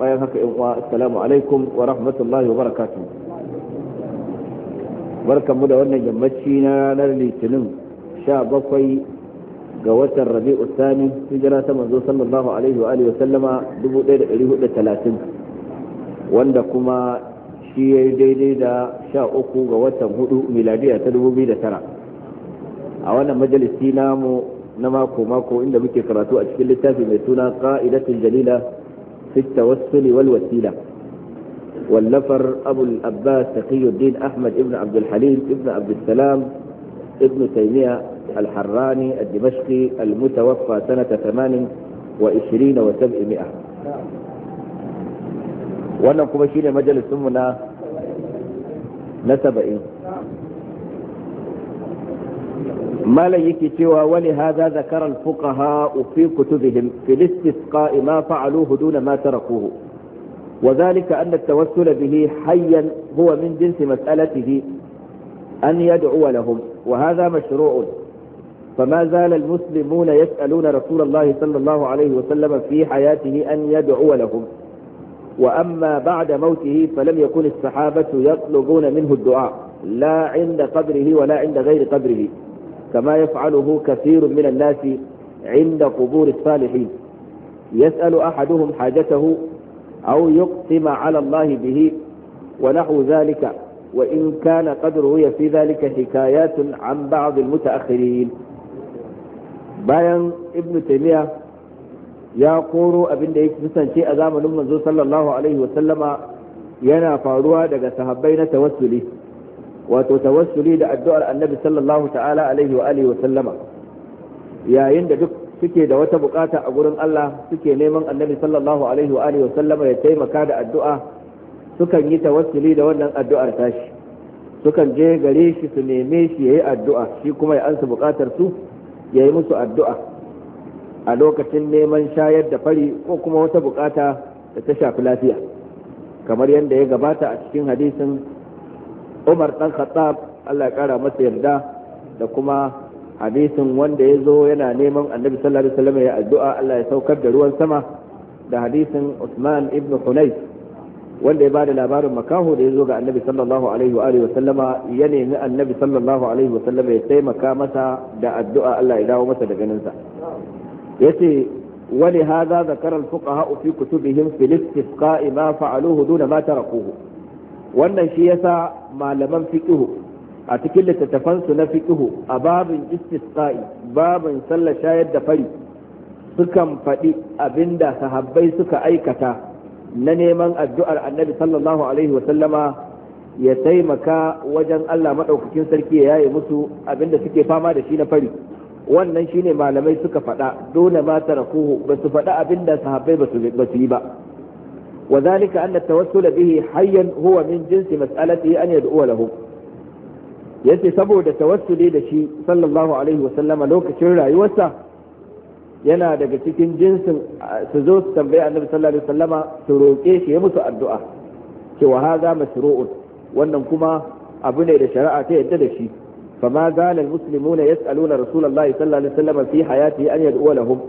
bayan haka in uwa assalamu alaikum wa rahmatullahi wa barakatuh barkanmu da wannan yammaci na ranar litinin 17 ga watan rabi'u thani hijira ta manzo sallallahu alaihi wa alihi wa sallama 1430 wanda kuma shi ya daidai da 13 ga watan hudu miladiya ta 2009 a wannan majalisi namu na mako mako inda muke karatu a cikin littafi mai suna qa'idatul jalila في التوسل والوسيلة والنفر أبو الأباس تقي الدين أحمد ابن عبد الحليم ابن عبد السلام ابن تيمية الحراني الدمشقي المتوفى سنة ثمان وعشرين وسبعمائة wannan kuma مجلس majalisinmu نسب إيه؟ malam سوى ولهذا ذكر الفقهاء في كتبهم في الاستسقاء ما فعلوه دون ما تركوه وذلك أن التوسل به حيا هو من جنس مسألته أن يدعو لهم وهذا مشروع فما زال المسلمون يسألون رسول الله صلى الله عليه وسلم في حياته أن يدعو لهم وأما بعد موته فلم يكن الصحابة يطلبون منه الدعاء لا عند قبره ولا عند غير قبره كما يفعله كثير من الناس عند قبور الصالحين يسأل أحدهم حاجته أو يقسم على الله به ونحو ذلك وإن كان قد روي في ذلك حكايات عن بعض المتأخرين بيان ابن تيميه ya koro abin da ya kusance a zamanin manzo sallallahu alaihi wa sallama yana faruwa daga sahabbai na tawassuli wato tawassuli da addu'ar annabi sallallahu ta'ala alaihi wa alihi wa sallama yayin da duk suke da wata bukata a gurin Allah suke neman annabi sallallahu alaihi wa alihi wa sallama ya taimaka da addu'a sukan yi tawassuli da wannan addu'ar tashi sukan je gare shi su neme shi yayi addu'a shi kuma ya ansa bukatar su yayi musu addu'a a lokacin neman shayar da fari ko kuma wata bukata da ta shafi lafiya kamar yadda ya gabata a cikin hadisin umar dan khattab Allah ya kara masa yarda da kuma hadisin wanda ya zo yana neman annabi sallallahu alaihi wasallam ya addu'a Allah ya saukar da ruwan sama da hadisin Usman ibn Hunayf wanda ya bada labarin makaho da ya zo ga annabi sallallahu alaihi wa alihi wasallama ya nemi annabi sallallahu alaihi wasallama ya taimaka masa da addu'a Allah ya dawo masa da ganinsa yace wali hadha zakara al-fuqaha fi kutubihim fil istisqa ma fa'aluhu duna ma tarakuhu wannan shi yasa malaman fiqh a cikin littattafansu na fikihu a babin istisqa'i babin sallar shayar da fari sukan faɗi abinda sahabbai suka aikata na neman addu'ar annabi sallallahu ya taimaka wajen Allah maɗaukacin sarki ya yaye musu abinda suke fama da shi na fari wannan shine malamai suka faɗa dole ma tarakuhu ba su faɗa abin da sahabbai ba su yi ba wa zalika anna tawassula bihi hayyan huwa min jinsi mas'alati an yad'u lahu yace saboda tawassuli da shi sallallahu alaihi lokacin rayuwarsa yana daga cikin jinsin su zo su tambaye annabi sallallahu alaihi wasallama su roƙe shi ya musu addu'a cewa haza masru'un wannan kuma abu ne da shari'a ta yadda da shi فما زال المسلمون يسألون رسول الله صلى الله عليه وسلم في حياته أن يدعو لهم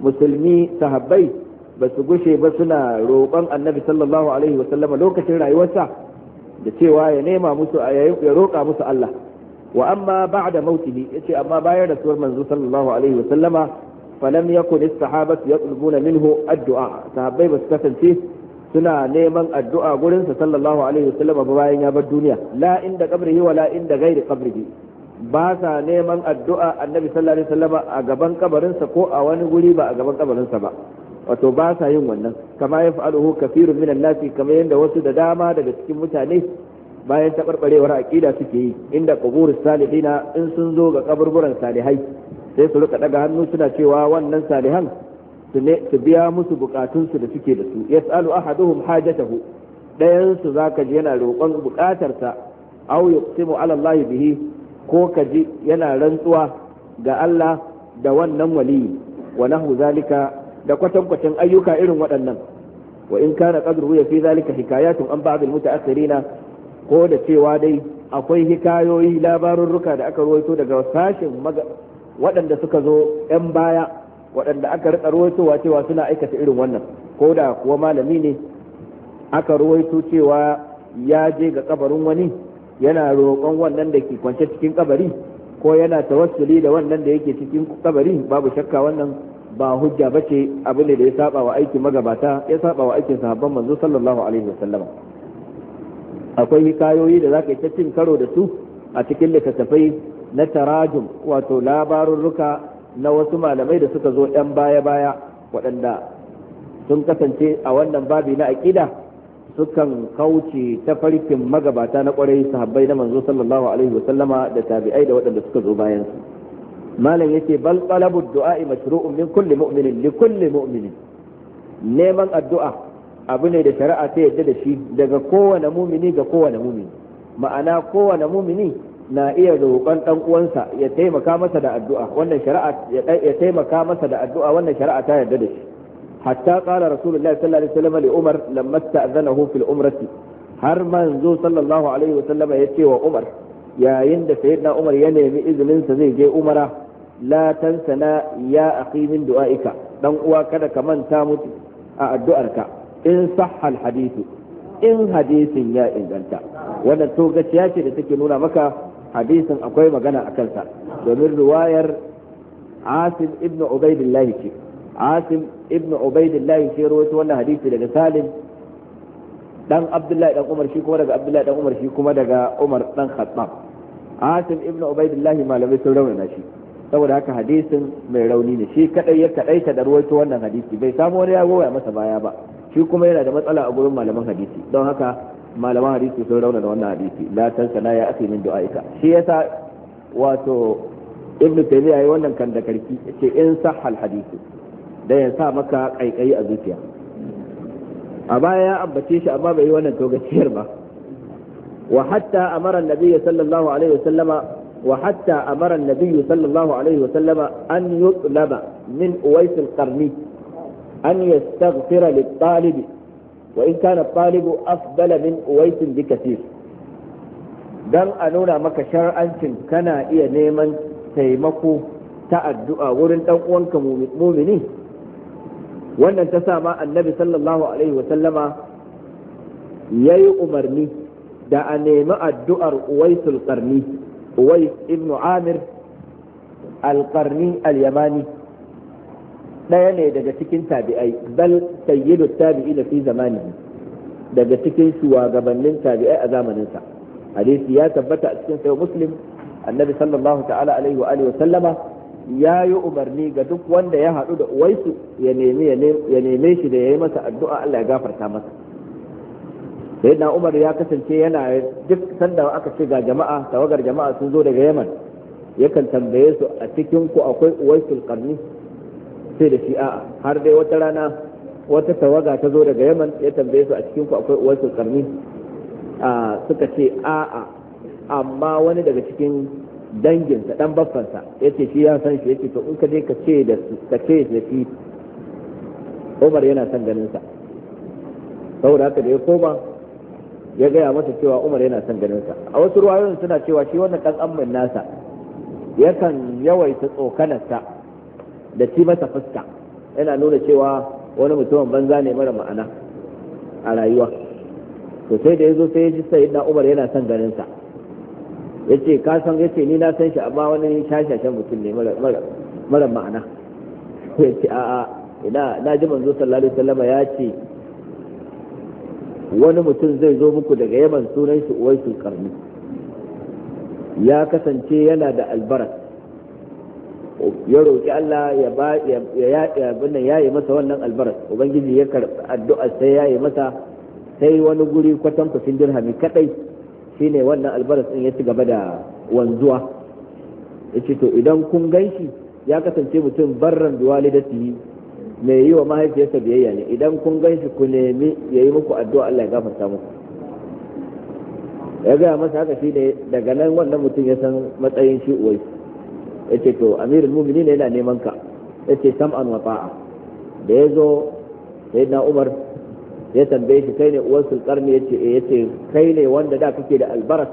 مسلمي صحابي بس قشي بسنا روقان النبي صلى الله عليه وسلم لو كثير أيوسع da cewa ya roka musu ya roƙa musu Allah wa amma ba'da mautihi yace amma bayan rasuwar manzo sallallahu alaihi wa sallama falam yakun as-sahabatu yatlubuna minhu addu'a sahabbai basu kasance suna neman addu'a gurin sa alaihi wa sallama bayan ya bar duniya la inda wa ba sa neman addu'a annabi sallallahu alaihi wasallama a gaban kabarinsa ko a wani guri ba a gaban kabarinsa ba wato ba sa yin wannan kama ya fa'aluhu kafirun minan nasi kamar yadda wasu da dama daga cikin mutane bayan taɓarɓarewar aƙida suke yi inda kuburus salihina in sun zo ga kaburburan salihai sai su rika daga hannu suna cewa wannan salihan su ne su biya musu bukatunsu da suke da su yas'alu ahaduhum hajatahu dayan su zaka ji yana roƙon bukatarsa au yuqsimu ala allahi bihi ko ka ji yana rantsuwa ga Allah da wannan wali wa nahu zalika da kwatankwacin ayyuka irin waɗannan wa in kana qadru ya fi zalika hikayatun an ba'd al mutaakhirina ko da cewa dai akwai hikayoyi labarurruka da aka rawaito daga sashin waɗanda suka zo 'yan baya waɗanda aka rika ruwaitowa cewa suna aikata irin wannan ko da kuwa malami ne aka ruwaito cewa ya je ga kabarin wani yana roƙon wannan da ke kwance cikin kabari ko yana tawassuli da wannan da yake cikin kabari babu shakka wannan ba hujja ba ce ne da ya saba wa aikin magabata ya saba wa aikin sahabban manzo sallallahu alaihi akwai hikayoyi da zaka ta cin karo da su a cikin littattafai na tarajum wato labarurruka na wasu malamai da suka zo yan baya baya waɗanda sun kasance a wannan babi na aƙida sukan kauce ta farkin magabata na kwarai sahabbai na manzo sallallahu alaihi wa sallama da tabi'ai da waɗanda suka zo bayan su malam yace bal talabud du'a mashru'un min kulli mu'minin li kulli mu'minin neman addu'a abu ne da shari'a ta yadda da shi daga kowane mumini ga kowane mumini ma'ana kowane mumini na iya roƙon dan uwansa ya taimaka masa da addu'a wannan shari'a ya taimaka masa da addu'a wannan shari'a ta yarda da shi hatta qala rasulullahi sallallahu alaihi wasallam li umar lamma ta'zanahu fil umrati har manzo sallallahu alaihi wasallam ya ce wa umar yayin da sayyidina umar ya nemi izininsa zai je umara la tansana ya akhi min du'aika dan uwa kada ka manta mutu a addu'arka in sahha al in hadisin ya inganta wannan to gaciya ce da take nuna maka hadisin akwai magana a kansa domin riwayar asim ibnu ubaidillah ce asim ibn ubaidillahi sai rawaito wannan hadisi daga salim dan abdullahi dan umar shi kuma daga abdullahi dan umar shi kuma daga umar dan khattab asim ibn ubaidillahi malamai sun rawaina shi saboda haka hadisin mai rauni ne shi kadai ya kadaita da ruwaito wannan hadisi bai samu wani ya goya masa baya ba shi kuma yana da matsala a gurin malaman hadisi don haka malaman hadisi sun rauna da wannan hadisi la tansa la ya akhi min du'aika shi yasa wato ibnu taymiya yayi wannan kan da karki ce in sahha al hadisi da ya sa maka kaikayi a zuciya a baya ya ambace shi amma bai yi wannan togaciyar ba wa hatta amara annabi sallallahu alaihi wasallama wa hatta amara annabi sallallahu alaihi wasallama an yutlaba min uwais al-qarni an yastaghfira lit-talib wa in kana at-talib afdala min uwais bikathir dan a nuna maka shar'ancin kana iya neman taimako ta addu'a wurin dan uwanka mumini wannan ta sa ma annabi sallallahu alaihi wa sallama umarni da a nemi addu'ar uwaisul qarni uwais ibnu amir alƙarni qarni al-yamani ɗaya ne daga cikin tabi'ai bal sayyidu da fi zamanihi daga cikin shugabannin tabi'ai a zamaninsa hadisi ya tabbata a cikin sayo muslim annabi sallallahu ta'ala alaihi wa sallama ya yi umarni ga duk wanda ya haɗu da uwaisu ya neme shi da ya yi masa addu'a Allah ya gafarta masa sai na umar ya kasance yana duk sanda aka ce ga jama'a tawagar jama'a sun zo daga yaman yakan tambaye su a cikin ku akwai uwaisu karni sai da shi a'a har dai wata rana wata tawaga ta zo daga yaman ya tambaye su a cikin ku akwai uwaisu karni ah, suka ce a'a amma wani daga cikin danginsa dan ya yace shi ya san shi yace to in ka je ka ce da ka ce da shi Umar yana son ganin sa saboda haka da ya koma ya gaya masa cewa Umar yana son ganin sa a wasu ruwayoyin suna cewa shi wannan kan amman nasa yakan yawaita tsokanarsa da ci masa fuska yana nuna cewa wani mutumin banza ne mara ma'ana a rayuwa to sai da ya zo sai ya ji sai da Umar yana son ganin sa yace ka san yace ni na san shi amma wani shashashan mutum ne mara ma'ana yace a'a ina na ji manzo sallallahu alaihi wasallam ya ce wani mutum zai zo muku daga yaman sunan shi su karni ya kasance yana da albarat ya roƙi Allah ya ba ya yi masa wannan albarat ubangiji ya karɓi addu'a sai ya yi masa sai wani guri kwatan kusin dirhami kadai shine wannan albaras din ya ci gaba da wanzuwa yace to idan kun ganshi ya kasance mutum barran biwalidatihi mai yi wa mahaifiyarsa biyayya ne idan kun ganshi ku nemi ya yi muku addu'a Allah ya gafarta muku ya gaya masa haka shi daga nan wannan mutum ya san matsayin shi uwai ya ce to amirul mumini ne yana neman ka ya ce sam'an wa ta'a da ya zo sai na umar ya tambaye shi kai ne uwan sulkarni ya ce eh, yace kai ne wanda da kake da albarak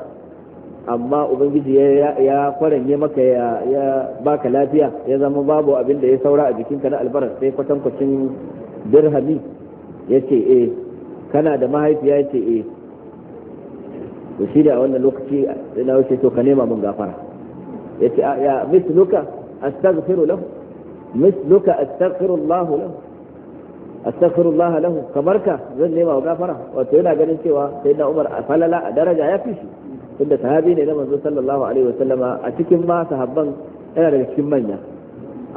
amma ubangiji ya kwaranye maka ya baka lafiya ya zama babu abin da ya saura a jikinka na albarak sai kwatankwacin dirhami ya ce eh kana da mahaifiya ya ce eh to shi da wannan lokaci na wuce to ka nema mun gafara ya ce ya misluka astaghfiru lahu misluka astaghfiru Allah lahu astaghfirullah lahu kamar ka zan nema wa gafara wato yana ganin cewa sai na Umar a falala a daraja ya fi shi tunda sahabi ne na manzo sallallahu alaihi wasallama a cikin ma sahabban yana daga cikin manya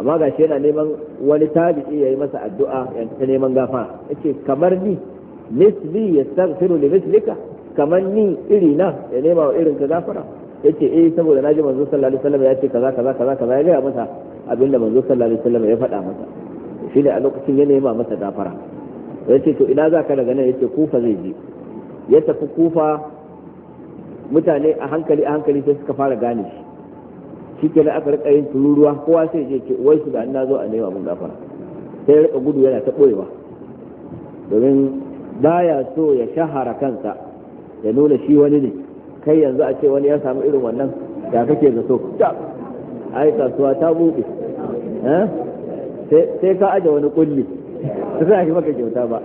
amma gashi yana neman wani tabi'i yayi masa addu'a ta neman gafara yace kamar ni misli yastaghfiru li mislika kamar ni iri na ya nema wa irin ka gafara yace eh saboda naji manzo sallallahu alaihi wasallam ya ce kaza kaza kaza kaza ya ga masa abinda manzo sallallahu alaihi wasallam ya faɗa masa ne a lokacin ya nema masa gafara yace to ina za ka daga nan yace kufa zai je ya tafi kufa mutane a hankali a hankali sai suka fara gane shi shi ke na aka rika yin tururuwa kowa sai je ce wai su da na zo a nema mun gafara sai ya rika gudu yana ta boyewa domin baya so ya shahara kansa ya nuna shi wani ne kai yanzu a ce wani ya samu irin wannan ya kake zato ai kasuwa ta buɗe eh? sai ka aje wani kulli su za shi maka kyauta ba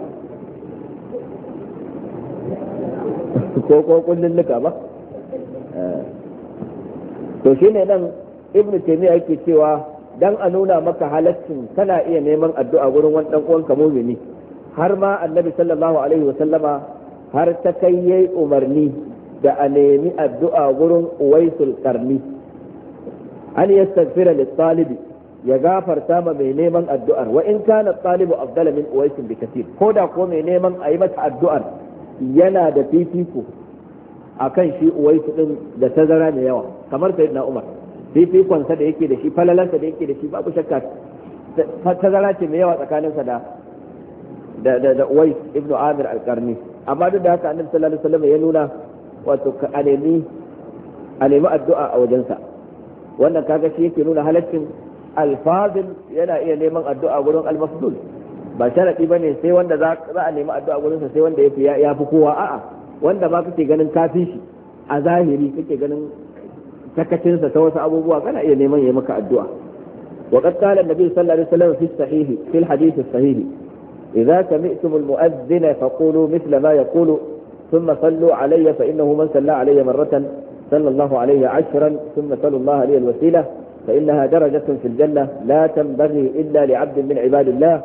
ko ko kullun luka ba eh. to shi ne nan ibnu taymiya yake cewa dan a nuna maka halaccin kana iya neman addu'a gurin wani dan uwanka mumini har ma annabi sallallahu alaihi wasallama har ta kai yayi umarni da a nemi addu'a gurin uwaisul karni an yastaghfira lit talibi ya gafarta ma mai neman addu'ar wa in kana talibu afdala min uwaisin bi kathir ko da ko mai neman a yi mata addu'ar yana da fifiko akan shi uwaisu din da tazara mai yawa kamar sayyidina umar fifikon sa da yake da shi falalansa da yake da shi babu shakka tazara ce mai yawa tsakaninsa da da da uwais ibn amir al-qarni amma duk da haka annabi sallallahu alaihi wasallam ya nuna wato ka alemi alemi addu'a a wajensa wannan kaga shi yake nuna halaccin alfazil yana iya neman addu'a gurin almafdul ba sharadi bane sai wanda za a nemi addu'a gurin sa sai wanda ya fi kowa a'a wanda ba kake ganin kafin shi a zahiri kake ganin sakacin sa ta wasu abubuwa kana iya neman ya maka addu'a wa qad qala an-nabi sallallahu alaihi wasallam fi sahih fi al-hadith as-sahih idza sami'tum al-mu'adhdhin faqulu mithla ma yaqulu thumma sallu alayya fa innahu man salla alayya marratan sallallahu alayhi ashran thumma sallu Allah alayhi al-wasilah فإنها درجة في الجنة لا تنبغي إلا لعبد من عباد الله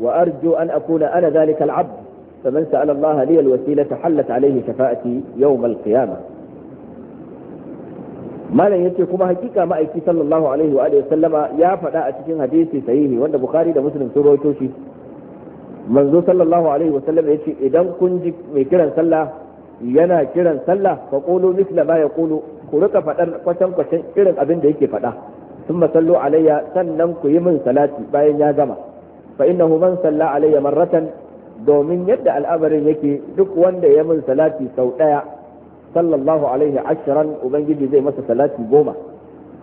وأرجو أن أكون أنا ذلك العبد فمن سأل الله لي الوسيلة حلت عليه شفاءتي يوم القيامة malam yace kuma hakika ma'aiki sallallahu alaihi ya faɗa a cikin hadisi sahihi wanda bukhari da muslim sun rawaito shi manzo sallallahu yace idan kun ji mai kiran sallah yana kiran sallah fa qulu mithla ma yaqulu ku rika faɗar kwatan kwatan irin abin da yake faɗa thumma sallu alayya sannan kuyi min salati bayan ya gama fa innahu man salla alayya marratan domin yadda al'amarin yake duk wanda ya min salati sau ɗaya sallallahu alaihi ashran ubangiji zai masa salati goma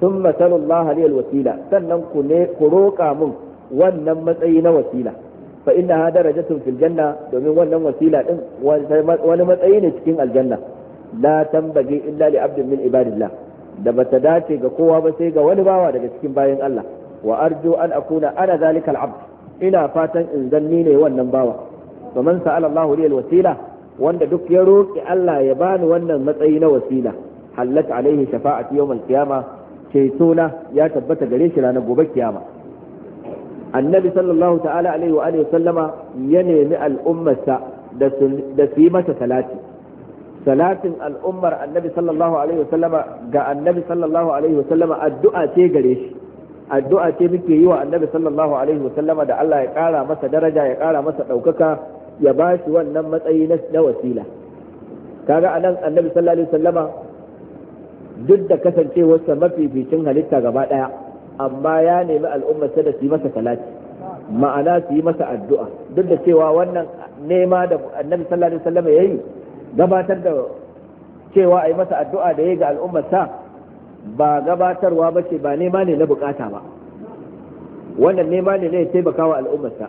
thumma sallu Allah li wasila sannan ku roka min wannan matsayi na wasila fa innaha darajatun fil janna domin wannan wasila din wani matsayi ne cikin aljanna la tambage illa li abdin min ibadillah da bata dace ga kowa ba sai ga wani bawa daga cikin bayan Allah wa arju an akuna ana zalikal abd ina fatan in zanni ne wannan bawa to man sa'ala Allah li wasila wanda duk ya roki Allah ya bani wannan matsayi na wasila hallat alaihi shafa'ati yawm al-qiyama ceto ya tabbata gare shi ranar gobe kiyama annabi sallallahu ta'ala alaihi wa alihi sallama ya nemi al'ummarsa da su yi masa salati salatin al'ummar annabi sallallahu alaihi wasallama ga annabi sallallahu alaihi wasallama addu'a ce gare shi addu'a ce muke yi wa annabi sallallahu alaihi wasallama da Allah ya ƙara masa daraja ya kara masa ɗaukaka ya ba shi wannan matsayi na wasila kaga anan annabi sallallahu alaihi wasallama duk da kasancewarsa mafificin halitta gaba ɗaya amma ya nemi al'ummarsa da su yi masa salati ma'ana su yi masa addu'a duk da cewa wannan nema da annabi sallallahu alaihi wasallama ya yi gabatar da cewa a yi masa addu'a da ya ga al'ummarsa ba gabatarwa ba ce ba nema ne na bukata ba wannan nema ne ne ya taimaka wa al'ummarsa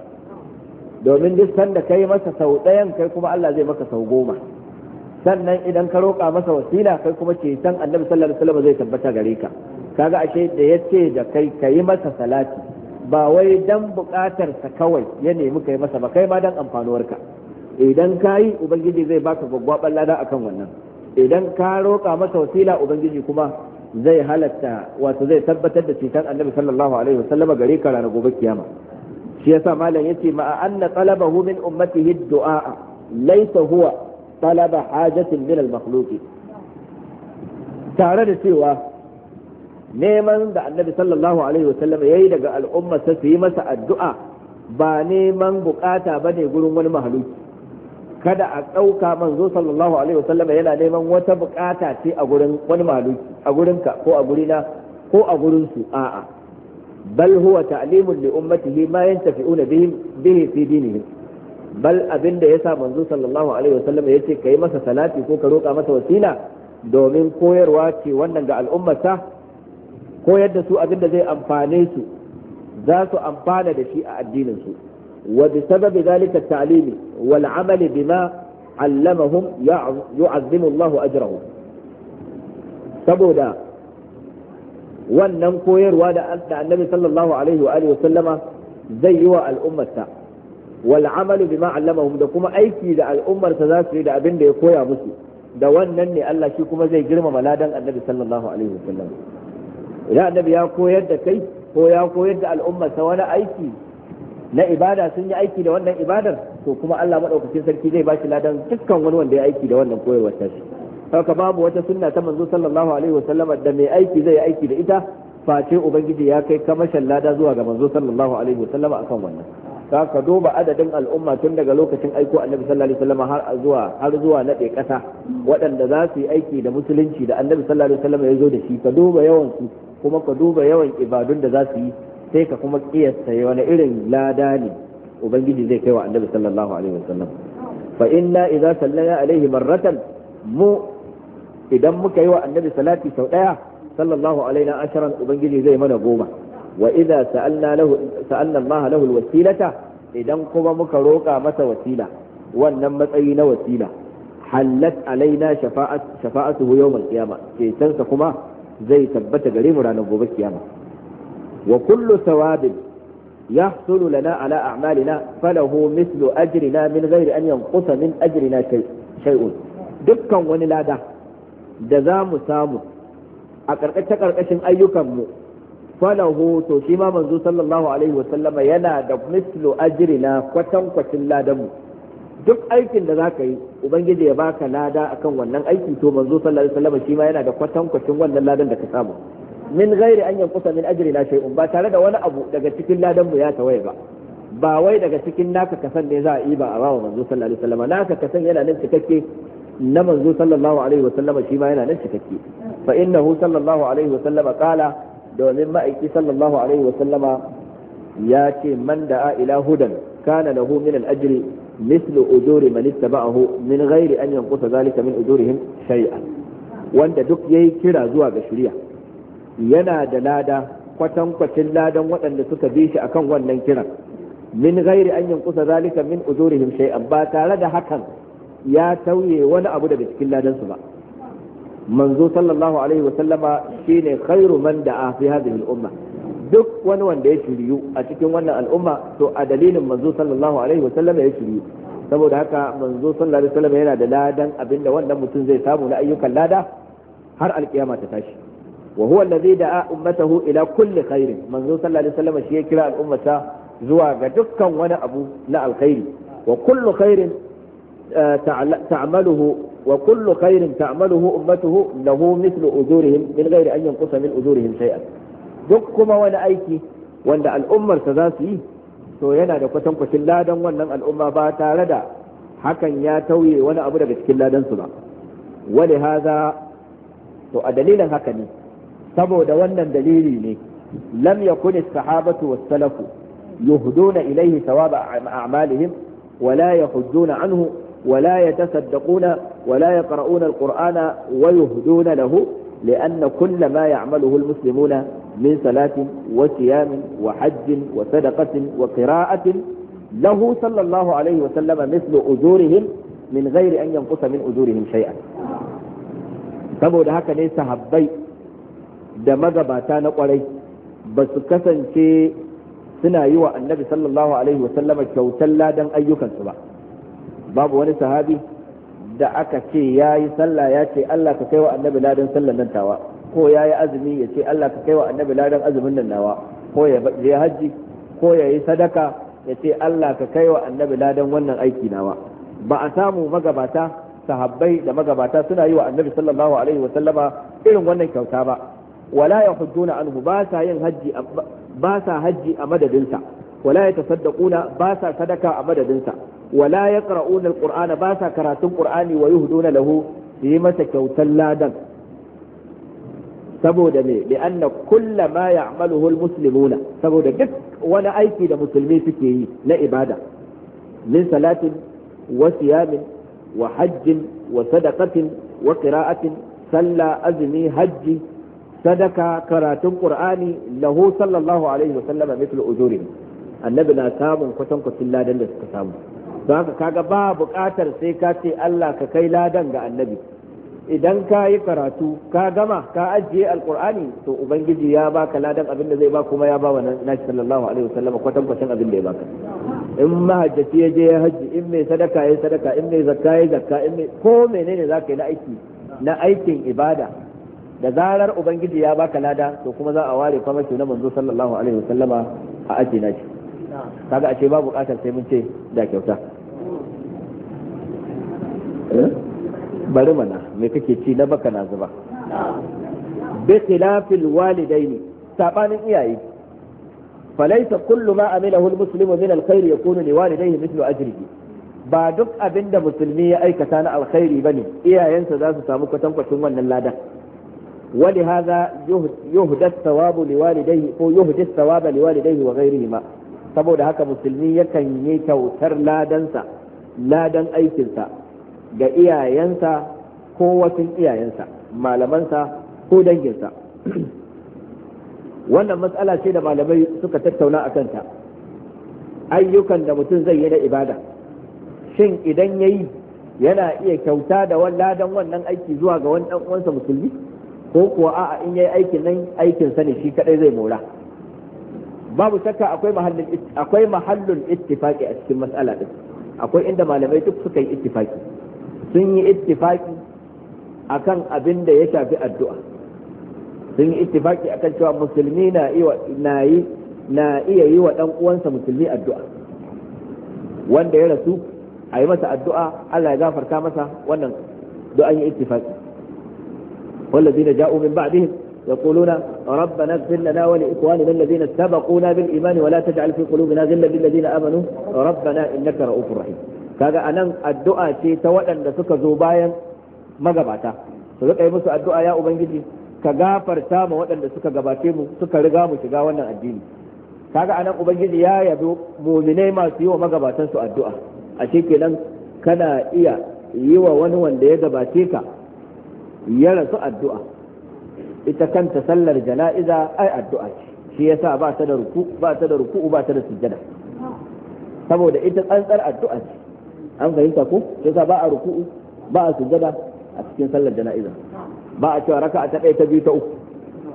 domin duk sanda ka yi masa sau ɗayan kai kuma Allah zai maka sau goma sannan idan ka roƙa masa wasila kai kuma san annabi sallallahu alaihi wasallam zai tabbata gare ka kaga ashe da ya ce da kai ka yi masa salati ba wai dan buƙatarsa kawai ya nemi ka yi masa ba kai ma dan amfanuwarka idan ka yi ubangiji zai baka gwaggwaban lada akan wannan idan ka roƙa masa wasila ubangiji kuma zai halatta wato zai tabbatar da ceton annabi sallallahu alaihi wasallam gare ka ranar gobe kiyama shi yasa malam yace ma anna talabahu min ummatihi du'a laysa huwa talaba hajatin min al-makhluqi tare da cewa neman da annabi sallallahu alaihi wasallam yayi daga al'umma su yi masa addu'a ba neman bukata bane gurin wani mahaluki kada a ɗauka manzo sallallahu alaihi wasallam yana neman wata bukata ce a gurin wani maluki a gurinka ko a gurina ko a gurin su a'a bal huwa ta'limun li ummatihi ma yantafi'una bihi bihi fi dinihim bal abinda da yasa manzo sallallahu alaihi wasallam yace kai masa salati ko ka roka masa wasila domin koyarwa ce wannan ga al'ummata koyar da su abinda zai amfane su za su amfana da shi a addinin su وبسبب ذلك التعليم والعمل بما علمهم يعظم الله أجرهم سبودا wannan koyarwa da annabi sallallahu alaihi wa alihi zai yi wa al'ummarsa wal amalu bima allamahum da kuma aiki da al'ummarsa za su yi da abin da ya koya musu da wannan ne Allah shi kuma zai girmama ladan annabi sallallahu alaihi wa sallam idan annabi ya koyar da kai ko ya koyar da al'ummarsa wani aiki na ibada sun yi aiki da wannan ibadar to kuma Allah madaukakin sarki zai ba shi ladan dukkan wani wanda ya aiki da wannan koyarwar ta shi haka babu wata sunna ta manzo sallallahu alaihi wasallam da mai aiki zai aiki da ita face ubangiji ya kai kamashin lada zuwa ga manzo sallallahu alaihi wasallam akan wannan haka duba adadin al'umma tun daga lokacin aiko annabi sallallahu alaihi wasallam har zuwa har zuwa nade kasa waɗanda za su yi aiki da musulunci da annabi sallallahu alaihi wasallam ya zo da shi ka duba yawan su kuma ka duba yawan ibadun da za su yi sai ka kuma kiyasta wani irin lada ne ubangiji zai kai wa annabi sallallahu alaihi wasallam fa inna idza sallaya alaihi marratan mu idan muka yi wa annabi salati sau daya sallallahu alaihi na asharan ubangiji zai mana goma wa idza sa'alna lahu sa'alna Allah lahu alwasilata idan kuma muka roka masa wasila wannan matsayi na wasila hallat alaina shafa'at shafa'atuhu yawm al-qiyamah sai kuma zai tabbata gare mu ranar gobe kiyama wa kullu thawabin yahsulu lana ala a'malina falahu mithlu ajrina min ghairi an yanqusa min ajrina shay'un dukkan wani lada da za mu samu a karkashin karkashin ayyukanmu falahu to shi ma manzo sallallahu alaihi wa sallama yana da mithlu ajrina kwatan kwatin ladanmu duk aikin da zaka yi ubangiji ya baka lada akan wannan aiki to manzo sallallahu alaihi wa sallama shi ma yana da kwatan kwatin wannan ladan da ka samu min gairi an yankusa min ajiri na shay'un ba tare da wani abu daga cikin ladan mu ya tawaye ba ba wai daga cikin naka kasan ne za a yi ba a bawa manzo sallallahu alaihi wasallam naka kasan yana nan cikakke na manzo sallallahu alaihi wasallam shi ma yana nan cikakke fa innahu sallallahu alaihi wasallam qala domin ma'aiki sallallahu alaihi wasallama ya ce man da'a ila hudan kana lahu min al-ajri مثل أجور من اتبعه من غير أن ينقص ذلك من أجورهم شيئا wanda duk yayi kira zuwa ga shari'a yana da lada kwatankwacin ladan waɗanda suka bi shi akan wannan kiran min gairi an kusa zalika min uzurihim shay'an ba tare da hakan ya tauye wani abu daga cikin ladan su ba manzo sallallahu alaihi wasallama shine khairu man da'a fi hadhihi al-umma duk wani wanda ya shiryu a cikin wannan al'umma to a dalilin manzo sallallahu alaihi wasallama ya shiryu saboda haka manzo sallallahu alaihi wasallama yana da ladan abinda wannan mutum zai samu na ayyukan lada har alkiyama ta tashi wa huwa allazi da'a ya kira al'ummata zuwa ga dukkan wani abu na alkhairi wa kullu khairin eh, ta'maluhu wa kuma wani aiki wanda al'ummarsa za su yi to yana da kwatankwacin ladan wannan al'umma ba tare da hakan ya tauye wani abu daga cikin ladansu ba wani haza to a dalilin haka ne saboda wannan dalili ne lam yakun as-sahabatu was-salafu yuhduna ilayhi thawaba a'malihim wala yahudduna anhu ولا يتصدقون ولا يقرؤون القرآن ويهدون له لأن كل ما يعمله المسلمون من صلاة وصيام وحج وصدقة وقراءة له صلى الله عليه وسلم مثل أجورهم من غير أن ينقص من أجورهم شيئا saboda haka ne sahabbai da magabata na kwarai ba su kasance suna yi wa annabi sallallahu alaihi wasallama kyautar ladan ayyukansu ba babu wani sahabi da aka ce ya yi sallah ya ce Allah ka kai wa annabi ladan sallan nan tawa ko ya yi azumi ya ce Allah ka kai wa annabi ladan azumin nan nawa ko ya je hajji ko ya yi sadaka ya ce Allah ka kai wa annabi ladan wannan aiki nawa ba a samu magabata sahabbai da magabata suna yi wa annabi sallallahu alaihi wasallama irin wannan kyauta ba wala yahudduna anhu ba yin haji ba a madadinsa wala yatasaddaquna ba sa sadaka a madadinsa wala yaqra'una alqur'ana ba sa karatun qur'ani wa yuhduna lahu yi masa kyautar ladan saboda me bi anna kulla ma ya'maluhu musulmuna saboda duk wani aiki da musulmi suke yi na ibada min salatin wa siyamin wa hajjin wa sadaqatin wa qira'atin salla azmi hajji sadaka karatun qur'ani lahu sallallahu annabi na samun kwatan ladan da suka samu don haka kaga ba buƙatar sai ka ce Allah ka kai ladan ga annabi idan ka yi karatu ka gama ka ajiye alkur'ani to ubangiji ya baka ladan abin da zai ba kuma ya ba wa nashi sallallahu alaihi wasallam kwatan kwatan abin da ya baka in mahajjaci ya je ya haji in mai sadaka ya sadaka in mai zakka ya zakka in mai ko menene zaka yi na aiki na aikin ibada da zarar ubangiji ya baka lada to kuma za a ware shi na manzo sallallahu alaihi wasallama a aji na shi kaga a ce babu bukatar sai mun ce da kyauta eh? bari mana me kake ci na baka na zuba bi khilafil walidaini sabanin iyaye falaysa kullu ma amilahu almuslimu min alkhair yakunu liwalidayhi mithlu ajrihi ba duk abinda musulmi ya aikata na alkhairi bane iyayensa za su samu kwatankwacin wannan ladan ولهذا يهدى الثواب لوالديه أو يهدى الثواب لوالديه وغيرهما saboda haka musulmi yakan yi kyautar ladansa ladan aikinsa ga iyayensa ko wasu iyayensa malamansa ko danginsa wannan matsala ce da malamai suka tattauna a kanta ayyukan da mutum zai yi na ibada shin idan ya yi yana iya kyauta da ladan wannan aiki zuwa ga wani uwansa musulmi ko kuwa a'a in yayi aikin nan aikin sa ne shi kadai zai mora babu shakka akwai mahallin akwai mahallun ittifaqi a cikin mas'ala din akwai inda malamai duk suka yi ittifaqi sun yi ittifaqi akan abin da ya shafi addu'a sun yi ittifaqi akan cewa musulmi na iya na yi na iya yi wa dan uwansa musulmi addu'a wanda ya rasu a yi masa addu'a Allah ya gafarta masa wannan duk an yi ittifaqi والذين جاءوا من بعدهم يقولون ربنا اغفر لنا ولإخواننا الذين سبقونا بالإيمان ولا تجعل في قلوبنا غلا للذين آمنوا ربنا إنك رؤوف رحيم kaga anan addu'a ce ta waɗanda suka zo bayan magabata su rika yi musu addu'a ya ubangiji ka gafarta ma waɗanda suka gabace mu suka riga mu shiga wannan addini kaga anan ubangiji ya yabi muminai masu yi wa magabatan su addu'a a kenan kana iya yi wa wani wanda ya gabace ka ya rasu addu'a ita kanta sallar jana'iza ai addu'a ce shi sa ba ta da ruku ba ta da ruku ba ta da sujjada saboda ita tsantsar addu'a ce an fahimta ko sa ba a ruku ba a sujjada a cikin sallar jana'iza ba a cewa a ta ɗaya ta biyu ta uku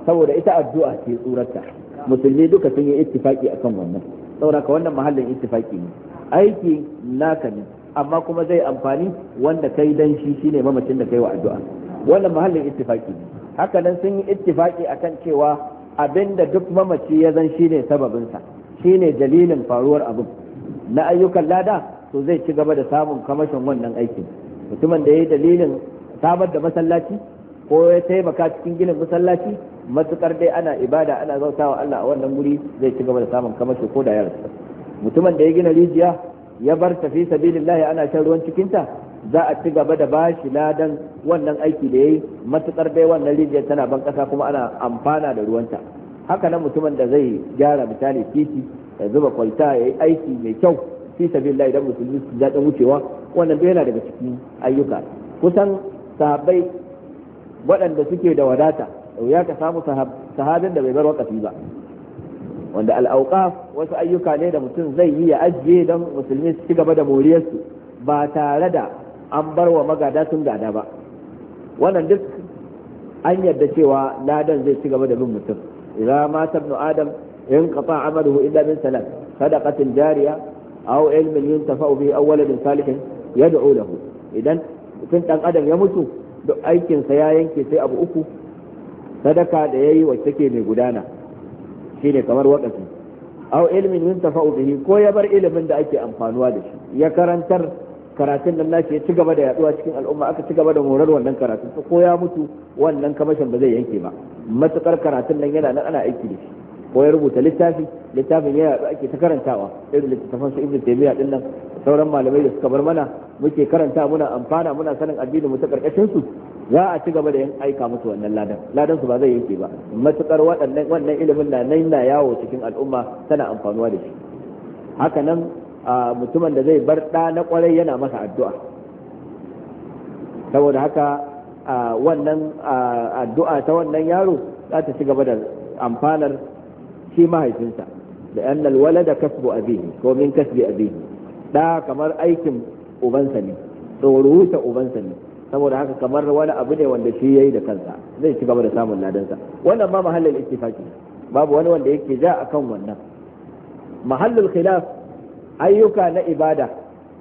saboda ita addu'a ce tsurarta musulmi duka sun yi ittifaki akan wannan saboda ka wannan mahallin ittifaki ne aiki naka ne amma kuma zai amfani wanda kai dan shi shine mamacin da kai wa addu'a wannan mahallin ittifaki haka nan sun yi ittifaki akan cewa abinda duk mamaci ya zan shine sa shine dalilin faruwar abu na ayyukan lada to zai ci gaba da samun kamashin wannan aikin mutumin da ya yi dalilin samar da masallaci ko ya taimaka cikin ginin masallaci matukar dai ana ibada ana zautawa Allah a wannan guri zai ci gaba da samun kamashi ko da yarsa mutumin da ya gina rijiya ya bar tafi sabilillahi ana shan ruwan cikinta za a ci gaba da bashi ladan wannan aiki da ya yi matukar dai wannan rijiyar tana ban kasa kuma ana amfana da ruwanta haka nan mutumin da zai gyara misali titi ya zuba kwalta ya yi aiki mai kyau fi sabilillah idan musulmi su daɗin wucewa wannan yana daga cikin ayyuka kusan sahabbai waɗanda suke da wadata ya ka samu sahabin da bai bar wakafi ba wanda al'auka wasu ayyuka ne da mutum zai yi ya ajiye don musulmi su ci gaba da moriyarsu ba tare da an bar wa magada sun gada ba wannan duk an yarda cewa ladan zai ci gaba da bin mutum idza ma tabnu adam in qata amaluhu illa min salat sadaqatin jariya aw ilmin yuntafa'u bi aw waladin salihin yad'u lahu idan mutum dan adam ya mutu duk aikin sa ya yanke sai abu uku sadaka da yayi wacce take mai gudana shine kamar wakafi aw ilmin yuntafa'u bihi ko ya bar ilimin da ake amfanuwa da shi ya karantar karatun nan nashi ci gaba da yaduwa cikin al'umma aka ci gaba da morar wannan karatun ko ya mutu wannan kamashin ba zai yanke ba matukar karatun nan yana nan ana aiki da shi ko ya rubuta littafi littafin ya yadu ake ta karantawa irin littafin su ibnu taymiya din nan sauran malamai da suka bar mana muke karanta muna amfana muna sanin addinin mu ta karkashin su za a ci gaba da yin aika musu wannan ladan ladan su ba zai yanke ba matukar wadannan wannan ilimin na nan na yawo cikin al'umma tana amfanuwa da shi haka nan mutumin da zai bar ɗa na kwarai yana masa addu'a saboda haka wannan addu'a ta wannan yaro za ta ci gaba da amfanar shi mahaifinsa da annal da kasbu abihi ko min kasbi abihi da kamar aikin ubansa ne tsoruta ubansa ne saboda haka kamar wani abu ne wanda shi ya yi da kansa zai ci gaba da samun ladansa wannan ba mahallin ittifaki babu wani wanda yake ja akan wannan mahallul khilaf ayyuka na ibada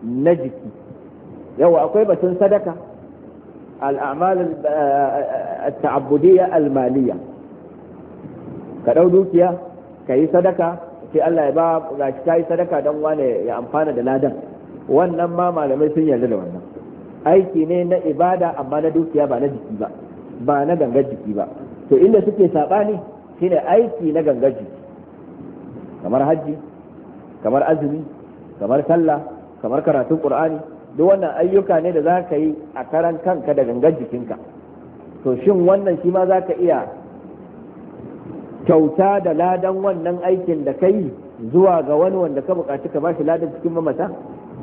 na jiki yawa akwai batun sadaka al'amal eh, ta'abbudiyya almaliya ka ɗau dukiya ka yi sadaka sai Allah ya ba shi ka yi sadaka don wane ya amfana da ladan wannan ma malamai sun yarda da wannan aiki ne na ibada amma na dukiya ba na jiki ba ba na gangar jiki ba to inda suke saɓani shine aiki na gangar jiki kamar hajji kamar azumi kamar sallah kamar karatun qur'ani duk wannan ayyuka ne da za ka yi a karan kanka da gangan jikinka to shin wannan shi ma za ka iya kyauta da ladan wannan aikin da ka yi zuwa ga wani wanda ka bukaci ka bashi ladan cikin mamata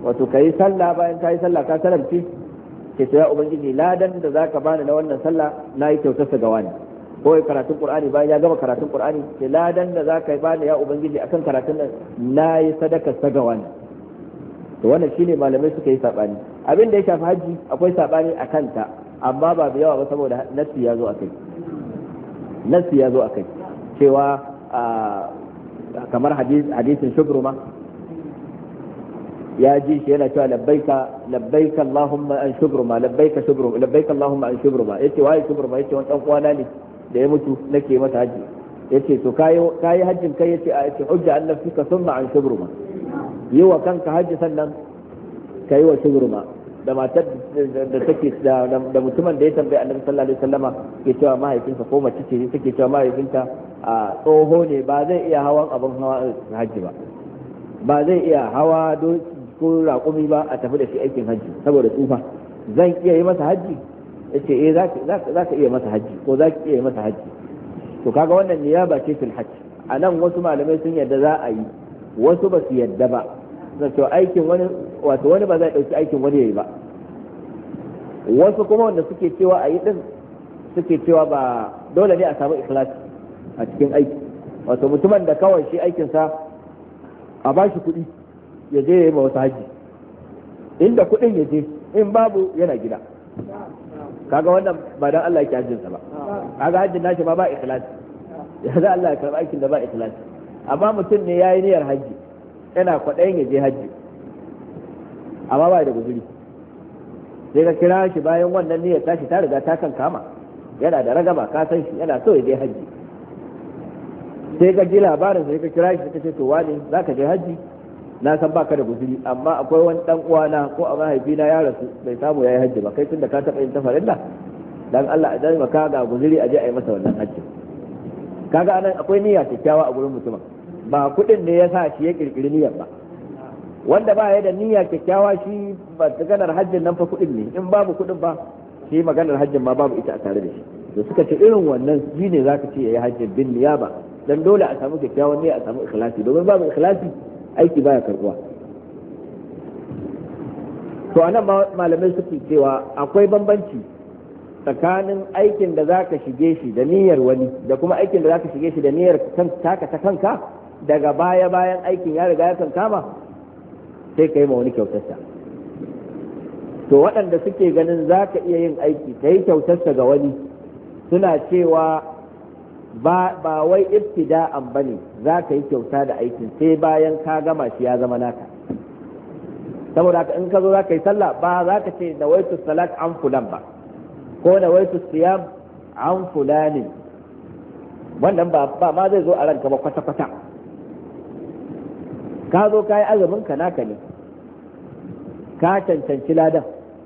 wato ka yi sallah bayan ka yi sallah ka salamce ke ya ubangiji ladan da za ka bani na wannan sallah na yi kyautarsa ga wani ko karatun qur'ani bayan ya gama karatun qur'ani ke ladan da za ka bani ya ubangiji akan karatun nan na yi sadaka ga wani to wannan shine malamai suka yi sabani abin da ya shafi haji akwai sabani a kanta amma ba da yawa ba saboda nassi ya zo akai nassi ya zo akai cewa kamar hadisin shubruma ya ji shi yana cewa labbaika labbaika Allahumma an shubruma labbaika shubruma labbaika Allahumma an shubruma yace wai shubruma yace wani dan uwana ne da ya mutu nake mata haji yace to kai kai hajjin kai yace a yace hujja an nafsika thumma an shubruma yi wa kanka hajji sannan ka yi wa shugurma da matar da take da mutumin da ya tambayi annabi sallallahu alaihi wasallama ke cewa mahaifinsa ko mace ce take cewa mahaifinta a tsoho ne ba zai iya hawan abin hawa hajji ba ba zai iya hawa ko raƙumi ba a tafi da shi aikin hajji saboda tsufa zan iya yi masa hajji yace eh za ka iya masa hajji ko za ki iya masa hajji to kaga wannan niyaba ce fil hajji a nan wasu malamai sun yarda za a yi wasu ba su yadda ba na cewa aikin wani wato wani ba zai ɗauki aikin wani yayi ba wasu kuma wanda suke cewa a yi ɗin suke cewa ba dole ne a samu ikhlasi a cikin aiki wato mutumin da kawai shi aikinsa a ba shi kuɗi ya je ya yi ma wasu haji inda kuɗin ya je in babu yana gida kaga wannan ba dan Allah yake hajjinsa ba kaga hajjin nashi ma ba ikhlasi ya za Allah ya karɓi aikin da ba ikhlasi amma mutum ne ya yi niyyar hajji yana kwaɗayin ya je hajji amma ba da guzuri sai ka kira shi bayan wannan niyyar tashi ta riga ta kan kama yana da ragama ka san shi yana so ya je hajji sai ka ji labarin sai ka kira shi ka ce to wani za ka je hajji na san baka da guzuri amma akwai wani dan uwana ko a mahaifina ya rasu bai samu ya yi hajji ba kai tunda ka taɓa yin da dan Allah a dai maka ga guzuri a je a yi masa wannan hajji kaga anan akwai niyya kyakkyawa a gurin mutumin ba kuɗin ne ya sa shi ya kirkiri niyyar ba wanda ba ya da niyya kyakkyawa shi ba maganar hajjin nan fa kuɗin ne in babu kuɗin ba shi maganar hajjin ma babu ita a tare da shi da suka ce irin wannan shi ne zaka ce yayi hajjin bin ba dan dole a samu kyakkyawan niyya a samu ikhlasi domin babu ikhlasi aiki baya karbuwa to anan malamai suke cewa akwai bambanci tsakanin aikin da zaka shige shi da niyyar wani da kuma aikin da zaka shige shi da niyyar kanka ta kanka daga baya bayan aikin ya riga ya kankama sai ka yi ma wani kyautarsa to waɗanda suke ganin za ka iya yin aiki ka yi kyautarsa ga wani suna cewa ba wai ibtida'an ba ne za ka yi kyauta da aikin sai bayan ka gama shi ya zama naka saboda haka in ka zo za ka yi sallah ba za ka ce da waitu salat an fulan ba ko da waitu siyam an fulanin wannan ba ma zai zo a ranka ba kwata-kwata ka zo ka yi azumin ka naka ne ka cancanci ladan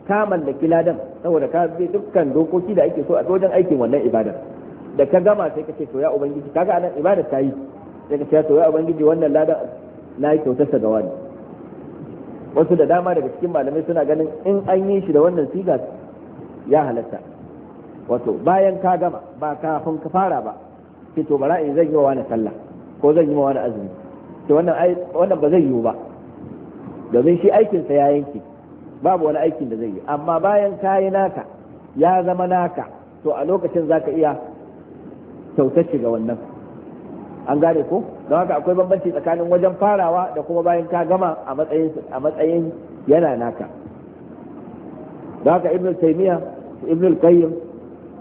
ka mallaki ladan saboda ka bi dukkan dokoki da ake so a wajen aikin wannan ibada, da ka gama sai ka ce to ya ubangiji kaga anan ibada ta yi sai ka ce to ya ubangiji wannan ladan na yi kyautarsa ga wani wasu da dama daga cikin malamai suna ganin in an yi shi da wannan siga ya halatta wato bayan ka gama ba kafin ka fara ba ce to bara in zan yi wa wani sallah ko zan yi wa wani azumi to wannan ba zai yiwu ba domin shi aikinsa ya yanke babu wani aikin da zai yi amma bayan kayi naka ya zama naka to a lokacin zaka ka iya shi ga wannan an gane ko don haka akwai bambanci tsakanin wajen farawa da kuma bayan ka gama a matsayin yana naka don haka ibn taymiya ibnu qayyim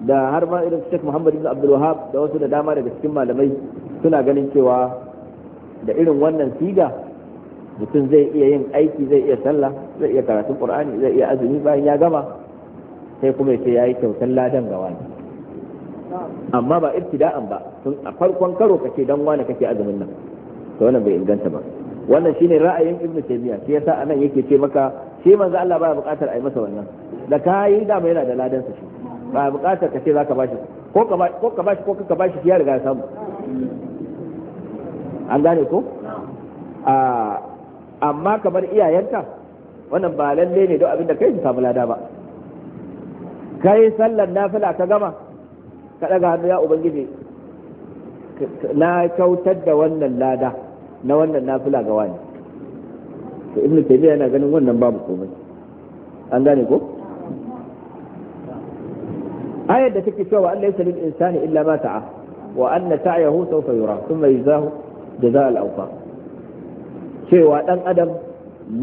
da har ma irin Sheikh Muhammad ibn Abdul Wahhab da wasu da dama daga cikin malamai suna ganin cewa da irin wannan siga mutum zai iya yin aiki zai iya sallah zai iya karatun qur'ani zai iya azumi bayan ya gama sai kuma ya yayi kyautar ladan ga wani amma ba ibtida'an ba tun a farkon karo kake dan wani kake azumin nan to wannan bai inganta ba wannan shine ra'ayin ibnu taymiya shi yasa anan yake ce maka shi manzo Allah baya buƙatar ai masa wannan da kai da mai yana da ladan sa shi ba buƙatar kace zaka bashi ko ka bashi ko ka bashi ko ka bashi ya riga ya samu an gane ko amma kamar iyayenka wannan ba lalle ne don abin da kai su samu lada ba kai sallar nafila ka gama ka daga hannu ya ubangiji na kyautar da wannan lada na wannan nafila ga wani to ibnu taymiya yana ganin wannan babu komai an gane ko ayar da take cewa Allah ya salil insani illa ma ta'a wa anna ta'yahu sawfa yura thumma yuzahu Da za a al'aufa cewa ɗan adam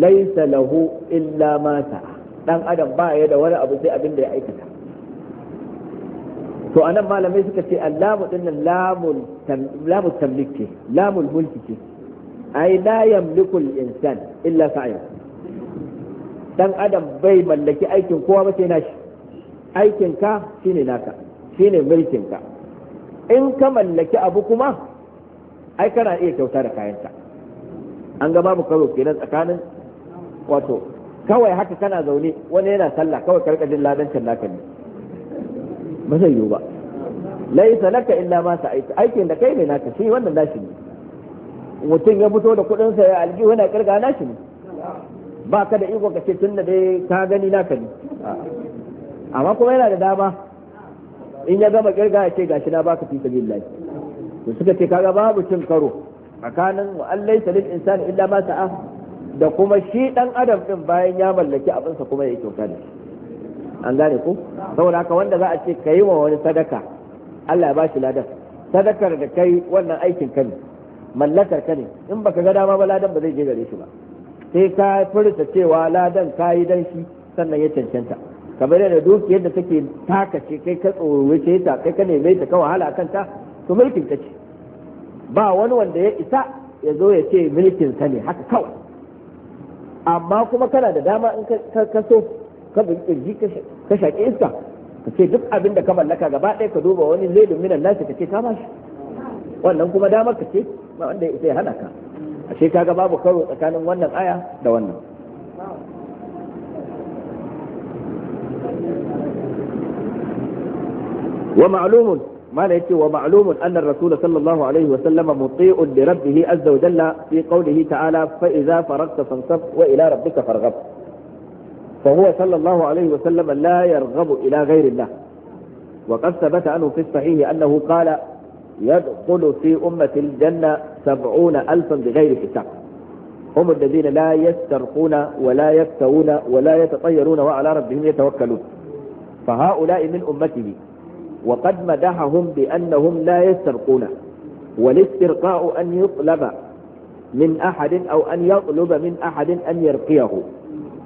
laisa lahu illa ma sa'a. ɗan adam ba ya da wani abu sai abin da ya aikata to anan malamai suka ce allamu din nan lamul tamlik ce lamul mulki ce ai la yamliku al-insan illa sa'ya dan adam bai mallaki aikin kowa ba sai nashi aikin ka shine naka shine mulkin ka in ka mallaki abu kuma ai kana iya kyauta da kayanta an ga babu karo kenan tsakanin wato kawai haka kana zaune wani yana sallah kawai karkashin ladancin naka ne ba zai yiwu ba laisa laka illa ma sa'aita aikin da kai ne naka shi wannan nashi ne mutum ya fito da kudin sa ya aljihu yana kirga nashi ne ba ka da iko ka ce tun da dai ka gani naka ne amma kuma yana da dama in ya gama kirga ya ce gashi na baka fi sabilillahi to suka ce kaga babu cin karo tsakanin wa'allai salil insani illa ma sa'a da kuma shi dan adam din bayan ya mallaki abinsa kuma ya kyauta da shi an gane ko saboda haka wanda za a ce kai wa wani sadaka Allah ya bashi ladan sadakar da kai wannan aikin ka ne mallakar ka ne in baka ga dama ba ladan ba zai je gare shi ba sai ka furta cewa ladan kayi dan shi sannan ya cancanta kamar yadda dukiyar da take taka ce kai ka tsoro ta kai ka neme ta ka wahala kanta to mulkin ta ce ba wani wanda ya isa ya zo ya ce mulkin sa ne haka kawai amma kuma kana da dama in ka so ka bincike ka shaƙi iska ka ce duk abin da ka mallaka gaba ɗaya ka duba wani zai minan nasi ka ce ka bashi wannan kuma damar ka ce ba wanda ya hana ka ashe kaga babu karo tsakanin wannan aya da wannan wa ma'lumun مالك يكي ومعلوم أن الرسول صلى الله عليه وسلم مطيء لربه عز وجل في قوله تعالى فإذا فرغت فانصف وإلى ربك فارغب فهو صلى الله عليه وسلم لا يرغب إلى غير الله وقد ثبت عنه في الصحيح أنه قال يدخل في أمة الجنة سبعون ألفا بغير حساب هم الذين لا يسترقون ولا يكتوون ولا يتطيرون وعلى ربهم يتوكلون فهؤلاء من أمته وقد مدحهم بأنهم لا يسترقون والاسترقاء أن يطلب من أحد أو أن يطلب من أحد أن يرقيه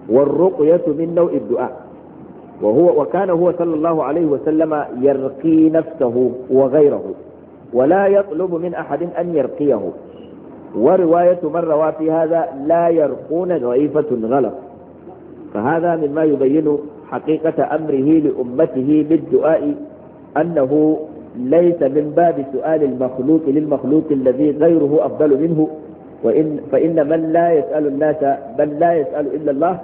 والرقية من نوع الدعاء وهو وكان هو صلى الله عليه وسلم يرقي نفسه وغيره ولا يطلب من أحد أن يرقيه ورواية من روى في هذا لا يرقون ضعيفة غلط فهذا مما يبين حقيقة أمره لأمته بالدعاء أنه ليس من باب سؤال المخلوق للمخلوق الذي غيره أفضل منه وإن فإن من لا يسأل الناس بل لا يسأل إلا الله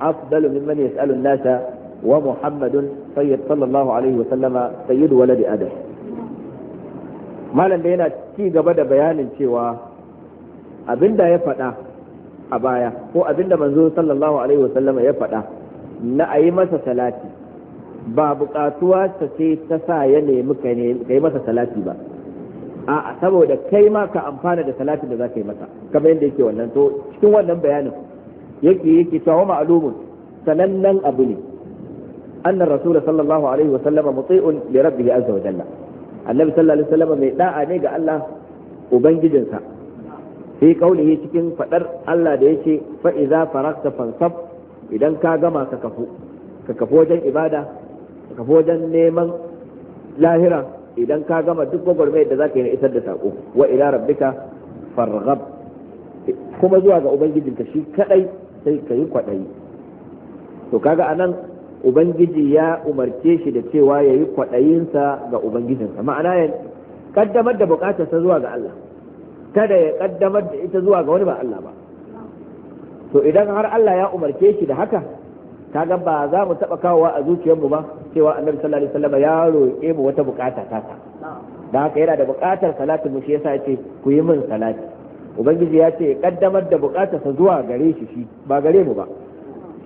أفضل ممن يسأل الناس ومحمد سيد صلى الله عليه وسلم سيد ولد آدم malam da yana ci gaba da bayanin cewa abinda ya faɗa a baya ko abinda manzo sallallahu alaihi wasallama ya faɗa na a yi masa salati ba buƙatuwa ta ce ta sa ya nemi ka yi masa salati ba a saboda kai ma ka amfana da salatin da za ka yi masa kamar yadda yake wannan to cikin wannan bayanin yake yake cewa ma'lumun sanannen abu ne annar rasul sallallahu alaihi wa sallama muti'un li rabbih azza wa jalla annabi sallallahu alaihi wa sallama mai da'a ne ga Allah ubangijinsa sai kaulihi cikin fadar Allah da yake fa idza faragta fansab idan ka gama ka kafu ka kafu wajen ibada ka wajen neman lahira idan ka gama duk gwagwarmayar da zaka yi na isar da sako wa ila rabbika farghab kuma zuwa ga ubangijinka shi kadai sai ka yi kwaɗayi. to kaga anan ubangiji ya umarce shi da cewa ya yi kwaɗayinsa ga ubangijinsa ma'ana ya kaddamar da bukatarsa zuwa ga Allah kada ya kaddamar da ita zuwa ga wani ba Allah ba to idan har Allah ya umarce shi da haka kaga ba za mu taba kawowa a zuciyarmu ba cewa annabi sallallahu alaihi wasallam ya roƙe mu wata bukata ta ta da haka yana da bukatar salatin mu shi yasa yace ku yi min salati ubangiji ya ce kaddamar da sa zuwa gare shi shi ba gare mu ba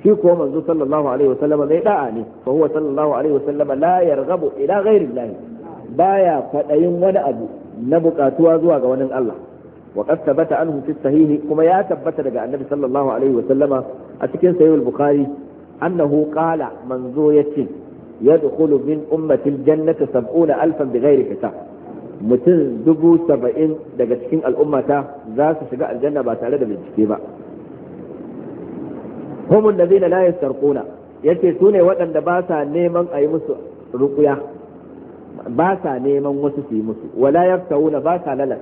shi ko manzo sallallahu alaihi wasallam mai da'a ne fa huwa sallallahu alaihi wasallam la yarghabu ila ghairi llahi baya fadayin wani abu na bukatuwa zuwa ga wani Allah wa qad thabata anhu fi sahihi kuma ya tabbata daga annabi sallallahu alaihi wasallama a cikin sahih al-bukhari annahu qala manzo yace yadkhulu min ummati aljannata 70 alfan bighairi hisab mutum dubu saba'in daga cikin al'ummata za su shiga aljanna ba tare da bincike ba humun da yace su ne waɗanda ba sa neman a yi musu ruƙuya ba sa neman wasu su yi musu wala yaftauna ba sa lalat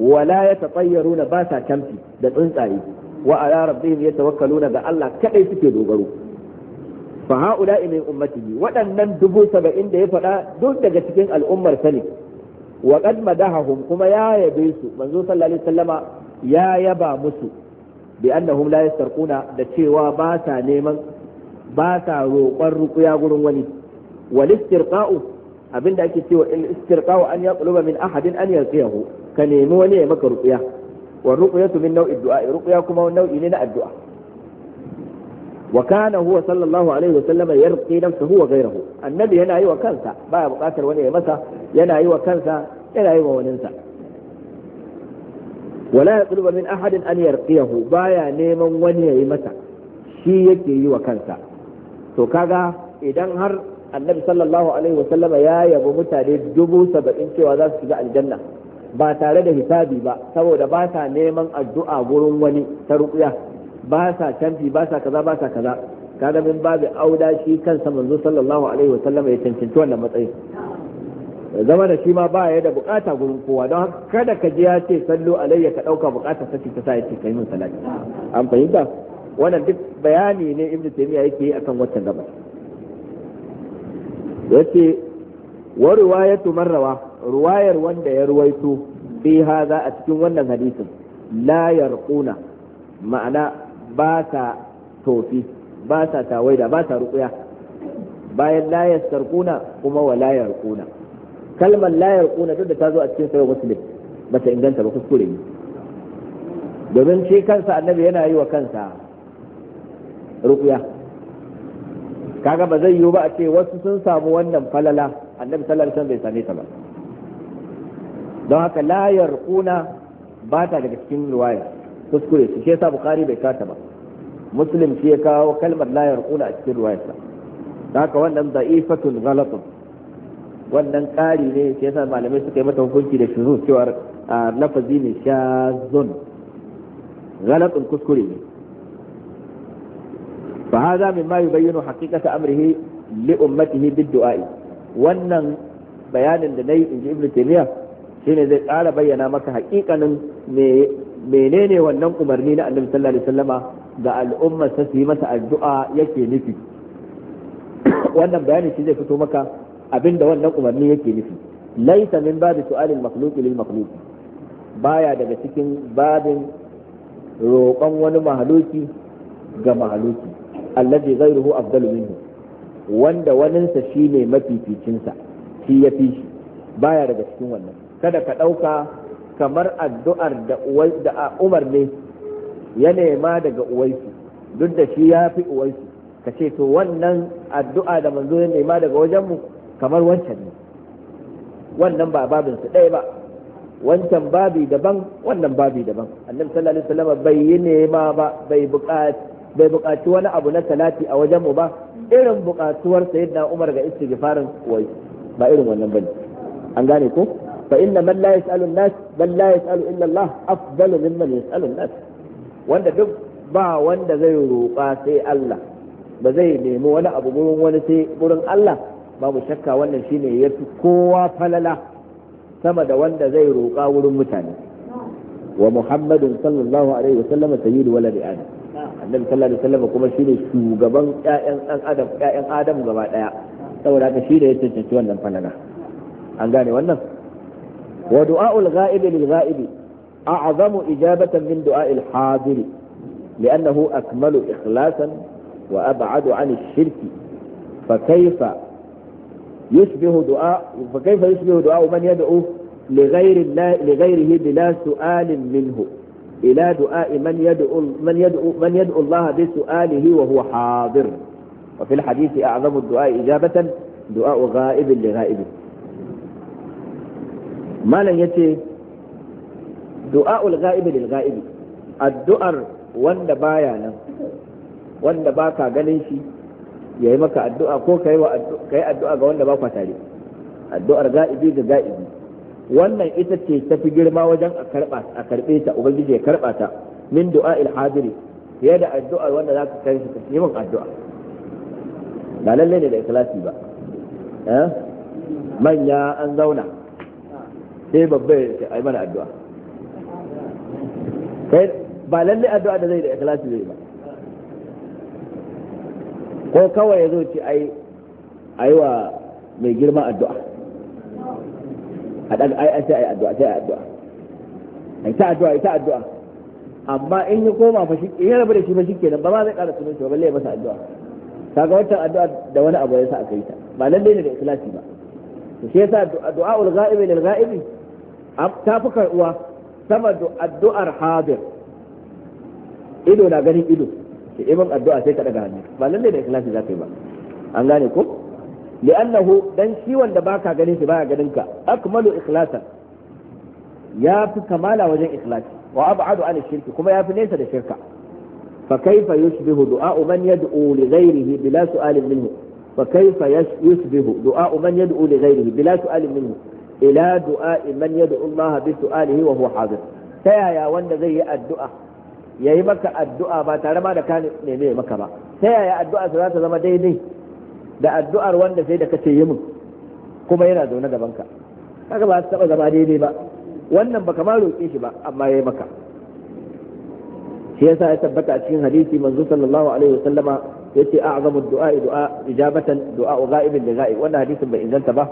wala yatatayyaruna ba sa tamfi da tsuntsaye wa ala ya tawakkaluna ga Allah kadai suke dogaro fa haula min ummatihi waɗannan dubu saba'in da ya faɗa duk daga cikin al'ummar sa ne wa kuma ya yabe su manzo sallallahu alaihi ya yaba musu bi annahum la yastarquna da cewa ba sa neman ba sa wani ake cewa istirqa'u an yaqluba min ahadin an yaqiyahu ka nemi wani ya maka ruƙuya wa ruqyatu min nau'i du'a ruqya kuma nau'i ne na addu'a wa kana huwa sallallahu alaihi wa sallama yarqi nafsahu wa ghayrahu annabi yana yi wa kansa baya bukatar wani ya masa yana yi wa kansa yana yi wa waninsa wala yatlubu min ahadin an yarqiyahu baya neman wani ya yi masa shi yake yi wa kansa to kaga idan har annabi sallallahu alaihi wa wasallama ya yabo mutane dubu saba'in cewa za su shiga aljanna ba tare da hisabi ba saboda ba ta neman addu'a gurin wani ta ruƙuya ba sa canfi ba sa kaza ba sa kaza kada min babu auda shi kansa manzo sallallahu alaihi wa sallam ya cancanci wannan matsayin zama da shi ma ba ya da bukata gurin kowa don haka kada ka ji ya ce sallu alayya ka dauka bukata sace ta sa ya ce kai min salati an fahimta wannan duk bayani ne ibnu taymiya yake yi akan wannan gaba yace wa riwayatu rawa ruwayar wanda ya ruwaito fi hadha a cikin wannan hadisin la yarquna ma'ana ba sa tofi ba sa tawaida ba sa ruƙuya bayan la yastarquna kuma wa layar kalmar la yarquna duk da ta zo a cikin sahih muslim ba ta inganta ba kuskure ne domin shi kansa annabi yana yi wa kansa ruƙuya kaga ba zai yiwu ba a ce wasu sun samu wannan falala annabi sallallahu alaihi bai same ta ba don haka layar kuna ba ta daga cikin riwaya kuskure shi yasa bukhari bai kata ba muslim shi ya kawo kalmar la yarquna a cikin ruwayarsa haka wannan da'ifatul ghalatun wannan kari ne shi yasa malamai suka yi mata hukunci da shuzuz cewa lafazi ne shazun ghalatun kuskure ne fa hadha mimma yubayyinu haqiqata amrihi li ummatihi bid du'a'i wannan bayanin da nayi inji ibnu taymiya shine zai kara bayyana maka haƙiƙanin me menene wannan umarni na annabi sallallahu alaihi wasallama ga al'ummar ta su yi masa addu'a yake nufi wannan bayani shi zai fito maka abinda wannan umarni yake nufi laisa min babi su'alil makhluqi lil makhluq baya daga cikin babin roƙon wani mahaluki ga mahaluki allazi ghayruhu afdalu minhu wanda waninsa shine mafificin sa shi ya fi shi baya daga cikin wannan kada ka ɗauka kamar addu'ar da umar ne ya nema daga uwaisu duk da shi ya fi uwaisu ka ce to wannan addu'a da manzo ya nema daga wajenmu kamar wancan ne wannan ba su ɗaya ba wancan babi daban wannan babi daban annabi sallallahu alaihi wasallam bai yi nema ba bai buƙaci bai buƙaci wani abu na talati a wajen mu ba irin buƙatuwar sayyidina Umar ga istighfarin Uwaisu ba irin wannan bane an gane ko fa inna man la yas'alu an-nas bal la yas'alu illa Allah afdalu mimman wanda duk ba wanda zai roƙa sai Allah ba zai nemi wani abu gurin wani sai gurin Allah ba mu shakka wannan shine yafi kowa falala sama da wanda zai roƙa wurin mutane wa muhammadun sallallahu alaihi wasallam sayyidu waladi adam annabi sallallahu alaihi wasallam kuma shine shugaban ƴaƴan ɗan adam ƴaƴan adam gaba daya saboda haka shine ya cancanci wannan falala an gane wannan ودعاء الغائب للغائب أعظم إجابة من دعاء الحاضر لأنه أكمل إخلاصا وأبعد عن الشرك فكيف يشبه دعاء فكيف يشبه دعاء من يدعو لغير الله لغيره بلا سؤال منه إلى دعاء من يدعو من يدعو من يدعو الله بسؤاله وهو حاضر وفي الحديث أعظم الدعاء إجابة دعاء غائب لغائب malam yace du'a'ul ghaibi lil ghaibi addu'ar wanda baya nan wanda baka ganin shi yayi maka addu'a ko kai wa kai addu'a ga wanda baka tare addu'ar ga'ibi ga ga'ibi wannan ita ce tafi girma wajen a karba a karbe ta ubangiji ya karba ta min du'a'il hadiri fiye da addu'ar wanda zaka kai shi ka yi min addu'a ba lalle ne da ikhlasi ba eh manya an zauna sai babba ya ai mana addu'a kai ba lalle addu'a da zai da ikhlasi zai ba ko kawai ya zo ce ai ai wa mai girma addu'a a ai ai sai ai addu'a sai ai addu'a ai ta addu'a ai ta addu'a amma in ya koma fa shi in ya rabu da shi fa shikenan ba ma zai ƙara sunan shi ba balle ya masa addu'a kaga wancan addu'a da wani abu ya sa aka yi ta ba lalle ne da ikhlasi ba to shi yasa ul ghaibi lil ghaibi ta fi karɓuwa sama da addu'ar hadir ido na ganin ido ke iman addu'a sai ka daga hannu ba lalle da ikhlasi za ka yi ba an gane ko li'annahu dan shi wanda baka ganin shi baya ganin ka akmalu ikhlasan ya fi kamala wajen ikhlasi wa ab'adu an shirki kuma ya fi nesa da shirka fa kaifa yushbihu du'a'u man yad'u li ghayrihi bila su'alin minhu fa kaifa yushbihu du'a'u man yad'u li ghayrihi bila su'alin minhu ila du'a man yad'u Allah bi su'alihi wa huwa hadir ta yaya wanda zai yi addu'a yayi maka addu'a ba tare ma da ka neme maka ba ta yaya addu'a za ta zama daidai da addu'ar wanda sai da kace yi min kuma yana zaune gaban ka kaga ba su taba zama daidai ba wannan baka ma roƙe shi ba amma yayi maka shi yasa ya tabbata a cikin hadisi manzo sallallahu alaihi wasallama yace a'zamu du'a du'a ijabatan du'a ghaibin li ghaib wannan hadisin bai inganta ba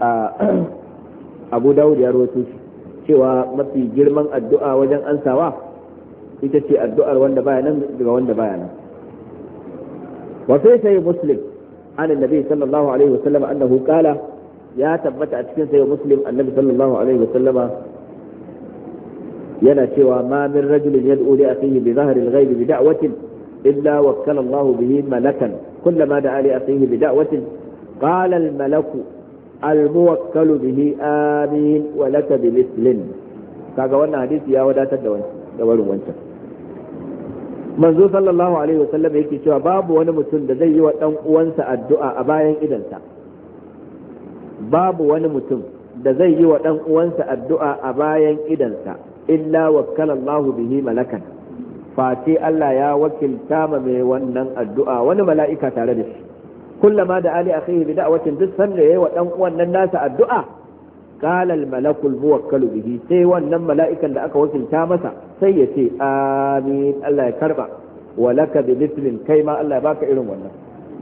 ah, abu dawud ya rawaito shi cewa mafi girman addu'a wajen ansawa ita ce addu'ar wanda baya nan daga wanda baya nan wa fi sai muslim an annabi sallallahu alaihi wasallam annahu qala ya tabbata a cikin sai muslim annabi sallallahu alaihi wasallam yana cewa ma min rajulin yad'u li akhihi bi dhahri al-ghaibi bi da'watin illa wakkala Allah bihi malakan kullama da'a li akhihi bi da'watin qala al-malaku الموكل به آمين ولك بمثل kaga wannan hadisi ya wadatar da warin wancan manzo sallallahu alaihi wasallam yake cewa babu wani mutum da zai yi wa dan uwansa addu'a a bayan idonsa, babu wani mutum da zai yi wa dan uwansa addu'a a Allah fati Allah ya wakilta ma mai wannan addu'a wani mala'ika tare da shi kullama da ali akhihi bi da'watin duk ya yayi wa dan uwan nasa addu'a qala al malaku al muwakkalu bihi sai wannan mala'ikan da aka wakilta masa sai ya ce amin Allah ya karba wa laka kai ma Allah ya baka irin wannan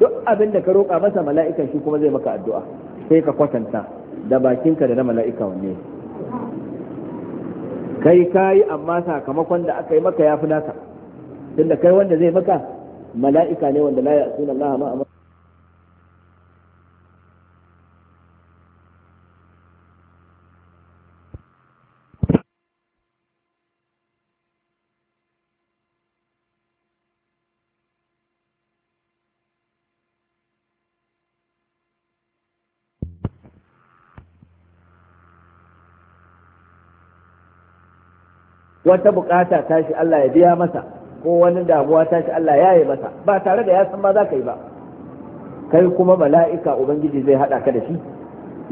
duk abin ka roƙa masa mala'ikan shi kuma zai maka addu'a sai ka kwatanta da bakinka da na mala'ika wanne kai amma sakamakon da aka yi maka yafi kai wanda zai maka mala'ika ne wanda ya wata bukata tashi Allah ya biya masa ko wani damuwa tashi Allah ya yi masa ba tare da ya san ma za ka yi ba kai kuma mala'ika ubangiji zai haɗa ka da shi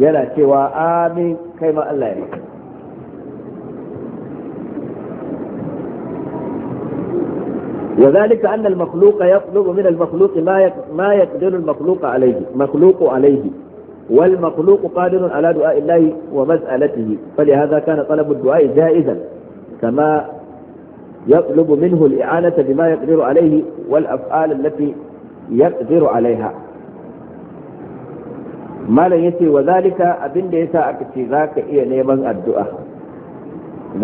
yana cewa amin kai ma Allah ya maka وذلك أن المخلوق يطلب من المخلوق ما ما يقدر المخلوق عليه مخلوق عليه والمخلوق قادر على دعاء الله ومسألته فلهذا كان طلب الدعاء جائزا كما يطلب منه الإعانة بما يقدر عليه والأفعال التي يقدر عليها ما لا يسي وذلك أبن ليس أكتي ذاك إيه نيمان الدعاء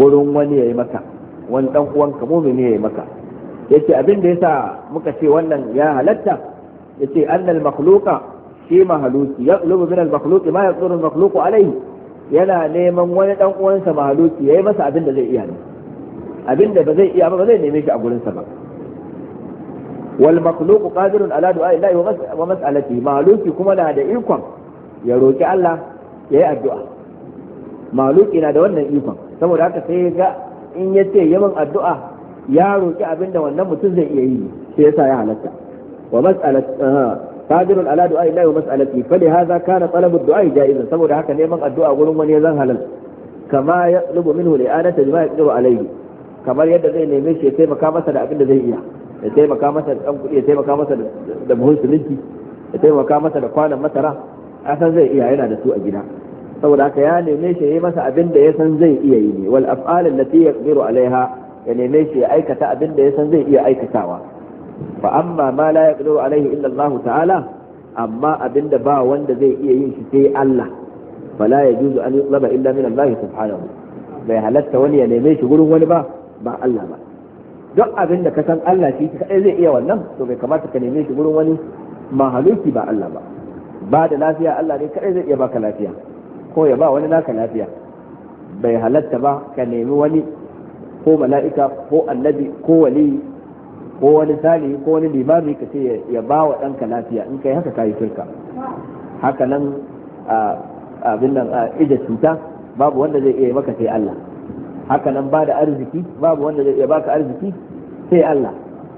قلوا وني يمكا وان تنقوان كمومن يمكا yace abin da yasa muka ce wannan ya halatta yace annal makhluqa shi mahaluki yaqlubu min al makhluqi ma yaqdiru al makhluqu alayhi yana neman wani dan uwansa mahaluki yayi masa abin da zai iya ne abin da ba zai iya ba ba zai neme shi a gurin sa ba wal makhluq qadirun ala du'a illahi wa mas'alati mahaluki kuma na da ikon ya roki Allah yayi addu'a mahaluki na da wannan ikon saboda haka sai ga in yace yaman addu'a ya roki abin da wannan mutum zai iya yi sai yasa ya halatta wa mas'alati qadirun ala du'a illahi wa mas'alati fa li hadha kana talabu du'a jaizan saboda haka neman addu'a wurin wani zan halal kama yatlubu minhu li'anata bima yaqdiru alayhi kamar yadda zai neme shi ya taimaka masa da abin zai iya ya taimaka masa da dan kuɗi ya taimaka masa da buhun ya taimaka masa da kwanan masara a san zai iya yana da su a gida saboda haka ya neme shi ya yi masa abinda ya san zai iya yi ne alaiha ya neme shi ya aikata abinda ya san zai iya aikatawa fa amma ma la yaqdiru alaihi illa Allah ta'ala amma abinda ba wanda zai iya yin shi sai Allah fala yajuzu an yutlaba illa min Allah subhanahu bai halatta wani ya neme shi gurin wani ba ba Allah ba duk abinda ka san Allah shi kadai zai iya wannan to bai kamata ka neme shi gurin wani mahaluki ba Allah ba ba da lafiya Allah ne kadai zai iya baka lafiya ko ya ba wani naka lafiya bai halatta ba ka nemi wani ko mala'ika ko annabi ko wali ko wani salihi ko wani limami ka ce ya ba wa ɗanka lafiya in kai haka ka yi shirka haka nan abin nan ija cuta babu wanda zai iya maka sai Allah haka nan ba da arziki babu wanda zai iya baka arziki sai Allah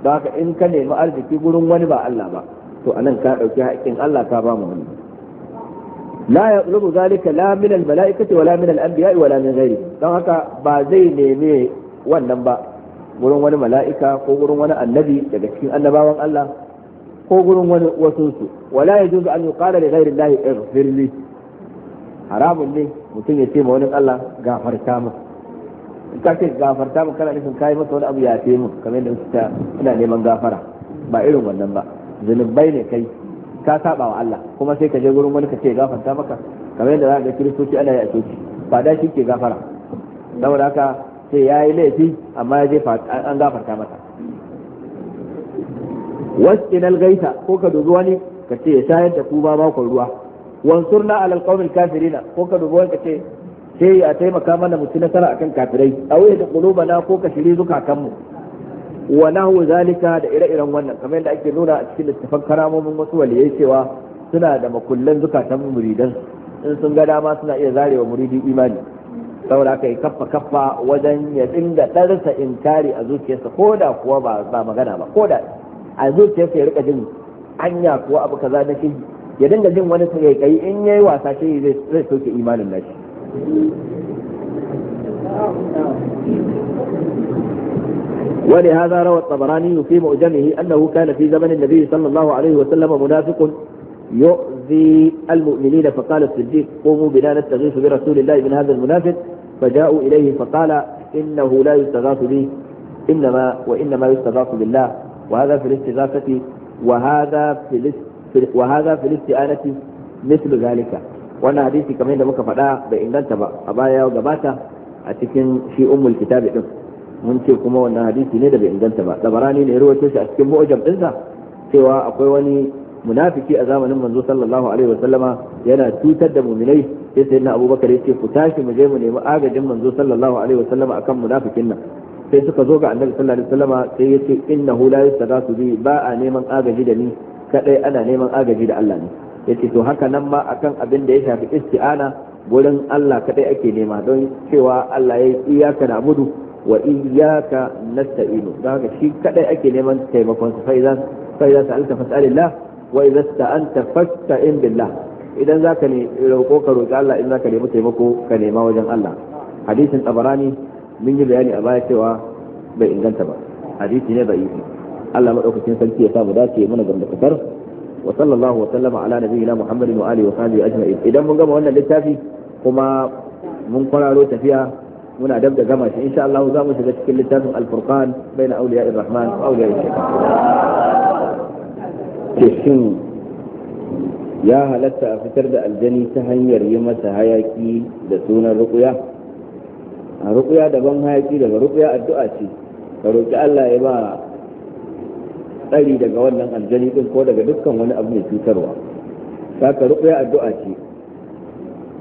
don haka in ka nemi arziki gurin wani ba Allah ba to anan ka ɗauki haƙƙin Allah ka ba mu wani لا يطلب ذلك لا من الملائكة ولا من الأنبياء ولا من غيرهم don haka ba zai neme wannan ba gurin wani mala'ika ko gurin wani annabi daga cikin annabawan Allah ko gurin wani wasunsu wala ya juzu an yi ƙara da gairin lahi ɗin haramun ne mutum ya ce ma wani Allah gafarta mu in ka ce gafarta mu kana nufin kayi masa wani abu ya ce mu kamar yadda suka ina neman gafara ba irin wannan ba zunubai ne kai ka saba wa Allah kuma sai ka je gurin wani ka ce gafarta maka kamar yadda za ka ga kiristoci ana yi a coci ba da shi ke gafara saboda haka sai ya yi laifi amma ya je an gafarta masa wasqinal gaita ko ka dubi wani ka ce ya shayar da ku ba makon ruwa na alal qawmil kafirina ko ka dubi wani ka ce sai a taimaka mana mu ci nasara akan kafirai wuya da qulubana ko ka shiri zukatanmu wa nahu zalika da ire-iren wannan kamar yadda ake nuna a cikin littafan karamomin wasu waliyai cewa suna da makullan zukatan muridan in sun ga dama suna iya zarewa muridin imani saboda aka yi kaffa kaffa wajen ya dinga ɗarsa inkari a zuciyarsa ko da kuwa ba magana ba ko da a zuciyarsa ya rika jin anya kuwa abu kaza na shi ya dinga jin wani kai in yayi wasa shi zai soke imanin nashi ولهذا روى الطبراني في مؤجمه أنه كان في زمن النبي صلى الله عليه وسلم منافق يؤذي المؤمنين فقال الصديق قوموا بنا نستغيث برسول الله من هذا المنافق فجاءوا إليه فقال إنه لا يستغاث به إنما وإنما يستغاث بالله وهذا في الاستغاثة وهذا في وهذا في الاستعانة مثل ذلك وانا حديثي كما عندما كفدا بإن أنت أبايا وقباتا أتكن في أم الكتاب إن mun ce kuma wannan hadisi ne da bai inganta ba tabarani ne ruwaito shi a cikin mu'jam ɗinsa cewa akwai wani munafiki a zamanin manzo sallallahu alaihi wa sallama yana cutar da muminai sai sayyidina abubakar yace ku tashi mu je mu nemi agajin manzo sallallahu alaihi wa sallama akan munafikin nan sai suka zo ga annabi sallallahu alaihi wa sallama sai yace innahu la yastaghasu bi ba a neman agaji da ni kadai ana neman agaji da Allah ne yace to haka nan ma akan abin da ya shafi isti'ana gurin Allah kadai ake nema don cewa Allah ya iyaka na budu wa iyaka nasta'inu don haka shi kadai ake neman taimakon sa fa idan fa idan sa'alta fas'alillah wa an tafasta in billah idan zaka ne roƙo ka roƙi Allah in zaka nemi taimako ka nema wajen Allah hadisin tabarani mun yi bayani a baya cewa bai inganta ba hadisi ne da yi Allah madaukakin sarki ya samu dace mana gamdakatar wa sallallahu wa sallama ala nabiyyina Muhammadin wa alihi wa sahbihi ajma'in idan mun gama wannan littafi kuma mun kwararo tafiya muna dab da gama shi insha Allah za mu shiga cikin littafin al-furqan baina awliya ar-rahman wa awliya ash-shaytan ce shin ya halatta a fitar da aljani ta hanyar yi masa hayaki da sunan rukuya a rukuya daban hayaki daga rukuya addu'a ce ka roƙi Allah ya ba tsari daga wannan aljani din ko daga dukkan wani abu mai cutarwa ka rukuya addu'a ce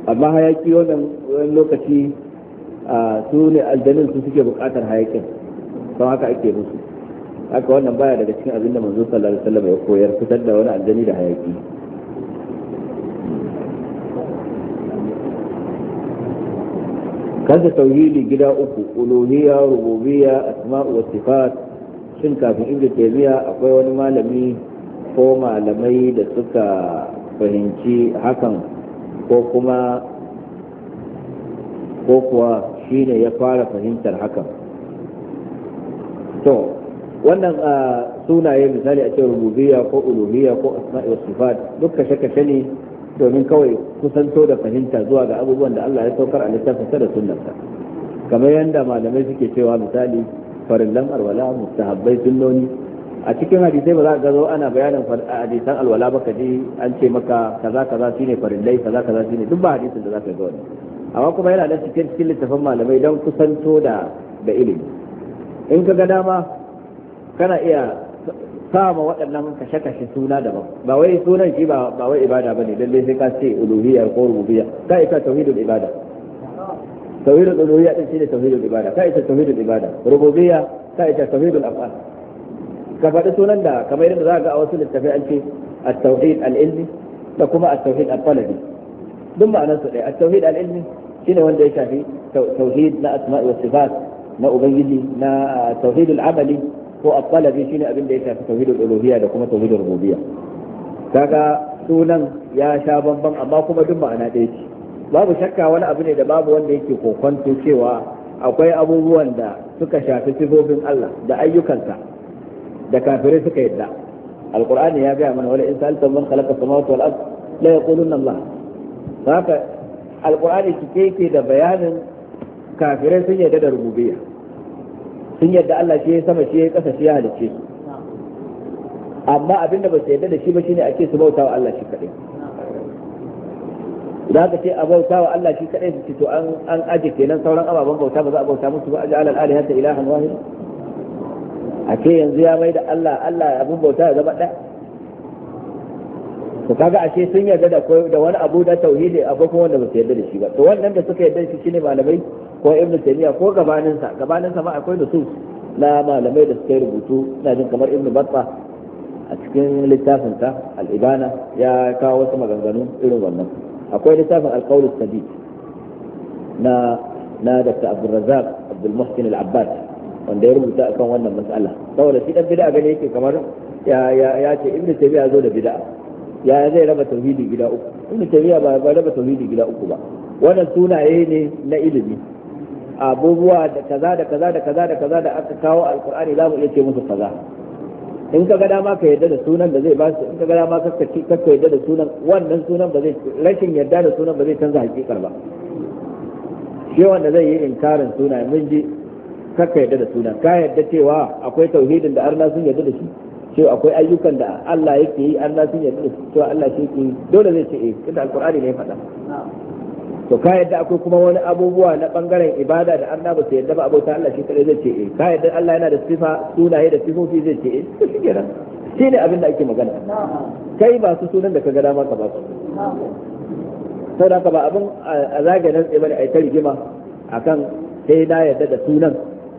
amma hayaki wannan lokaci su ne aljanin su suke bukatar hayakin don haka ake musu haka wannan baya daga cikin abin da manzo sallallahu alaihi wasallam ya koyar fitar da wani aljani da hayaki kanta tauhidi gida uku uluhiyya rububiyya asma'u wa sifat shin kafin ke taymiya akwai wani malami ko malamai da suka fahimci hakan ko kuma ko kuwa shine ya fara fahimtar hakan to wannan sunaye misali a cikin rububiyya ko uluhiyya ko asma'i wa sifat duk kashe-kashe ne domin kawai kusanto da fahimta zuwa ga abubuwan da Allah ya saukar a littafin littafinsa da sunnarsa kamar yadda malamai suke cewa misali farin farillan alwala mustahabbai sunnoni a cikin hadisai ba za ga zo ana bayanin hadisan alwala ba ka ji an ce maka kaza kaza shine farillai kaza kaza shine duk ba hadisin da za ka ga wani amma kuma yana da cikin cikin littafin malamai don kusanto da da ilimi in ka ga dama kana iya sama waɗannan kashe-kashe suna daban ba wai sunan shi ba wai ibada ba ne lalle sai ka ce uluhiyya ko rububiya ka ita tauhidul ibada tauhidul uluhiyya din shine tauhidul ibada ka ita tauhidul ibada rububiyya ka ita tauhidul af'al ka faɗi sunan da kamar yadda za ga a wasu littafai an ce at-tauhid al-ilmi da kuma at-tauhid al-talabi duk ma'anar su ɗaya at-tauhid al-ilmi shine wanda ya shafi tauhid na asma'i wa sifat na ubangiji na tauhidul amali ko at-talabi shine abin da ya shafi tauhidul uluhiyya da kuma tauhidul rububiyya kaga sunan ya sha bamban amma kuma duk ma'ana ɗaya ce babu shakka wani abu ne da babu wanda yake kokonto cewa akwai abubuwan da suka shafi sifofin Allah da ayyukansa da kafirai suka yadda alqur'ani ya gaya mana wala in sa'alta man khalaqa samawati wal ard la yaqulunna Allah haka alqur'ani kike yake da bayanin kafirai sun yadda da rububiyya sun yadda Allah shi ya sama shi ya kasa shi ya halicce amma abinda ba su yadda da shi ba shine ake su bautawa Allah shi kadai za ka ce a bautawa Allah shi kadai su ce to an an aje kenan sauran ababen bauta ba za a bauta musu ba aje alal alihata ilahan wahid a ce yanzu ya mai da Allah Allah abin bauta ya zama ɗaya to kaga ashe sun yarda da da wani abu da tauhidi abu kuma wanda ba yarda da shi ba to wannan da suka yarda shi shine malamai ko ibnu taymiya ko gabanin sa gabanin sa ma akwai su na malamai da suka rubutu ina jin kamar ibnu batta a cikin littafin ta al-ibana ya kawo wasu maganganu irin wannan akwai littafin al-qawl as-sadid na na Dr. Razzaq Abdul Muhsin Al-Abbad wanda ya rubuta akan wannan mas'ala saboda shi dan bid'a gane yake kamar ya ya ce ibnu taymiya zo da bid'a ya zai raba tauhidi gida uku ibn taymiya ba ba raba tauhidi gida uku ba wannan sunaye ne na ilimi abubuwa da kaza da kaza da kaza da kaza da aka kawo alqur'ani za mu iya ce musu kaza in ka ga dama ka yarda da sunan da zai ba su in ka ga dama ka ka yarda da sunan wannan sunan ba zai rashin yarda da sunan ba zai canza hakikar ba shi wanda zai yi inkarin sunaye mun ji ka yarda da sunan ka yarda cewa akwai tauhidin da arna sun yarda da shi cewa akwai ayyukan da Allah yake yi Allah sun yadda cewa Allah shi yake yi dole zai ce eh tunda alqur'ani ne ya faɗa to ka yadda akwai kuma wani abubuwa na bangaren ibada da Allah ba su yadda ba abota Allah shi kadai zai ce eh ka yadda Allah yana da sifa sunaye da sifofi zai ce eh to shikenan shi ne abin da ake magana kai ba su sunan da ka ga dama ka ba su saboda ka ba abin a zagayen sai bane ai ta rigima akan sai na yadda da sunan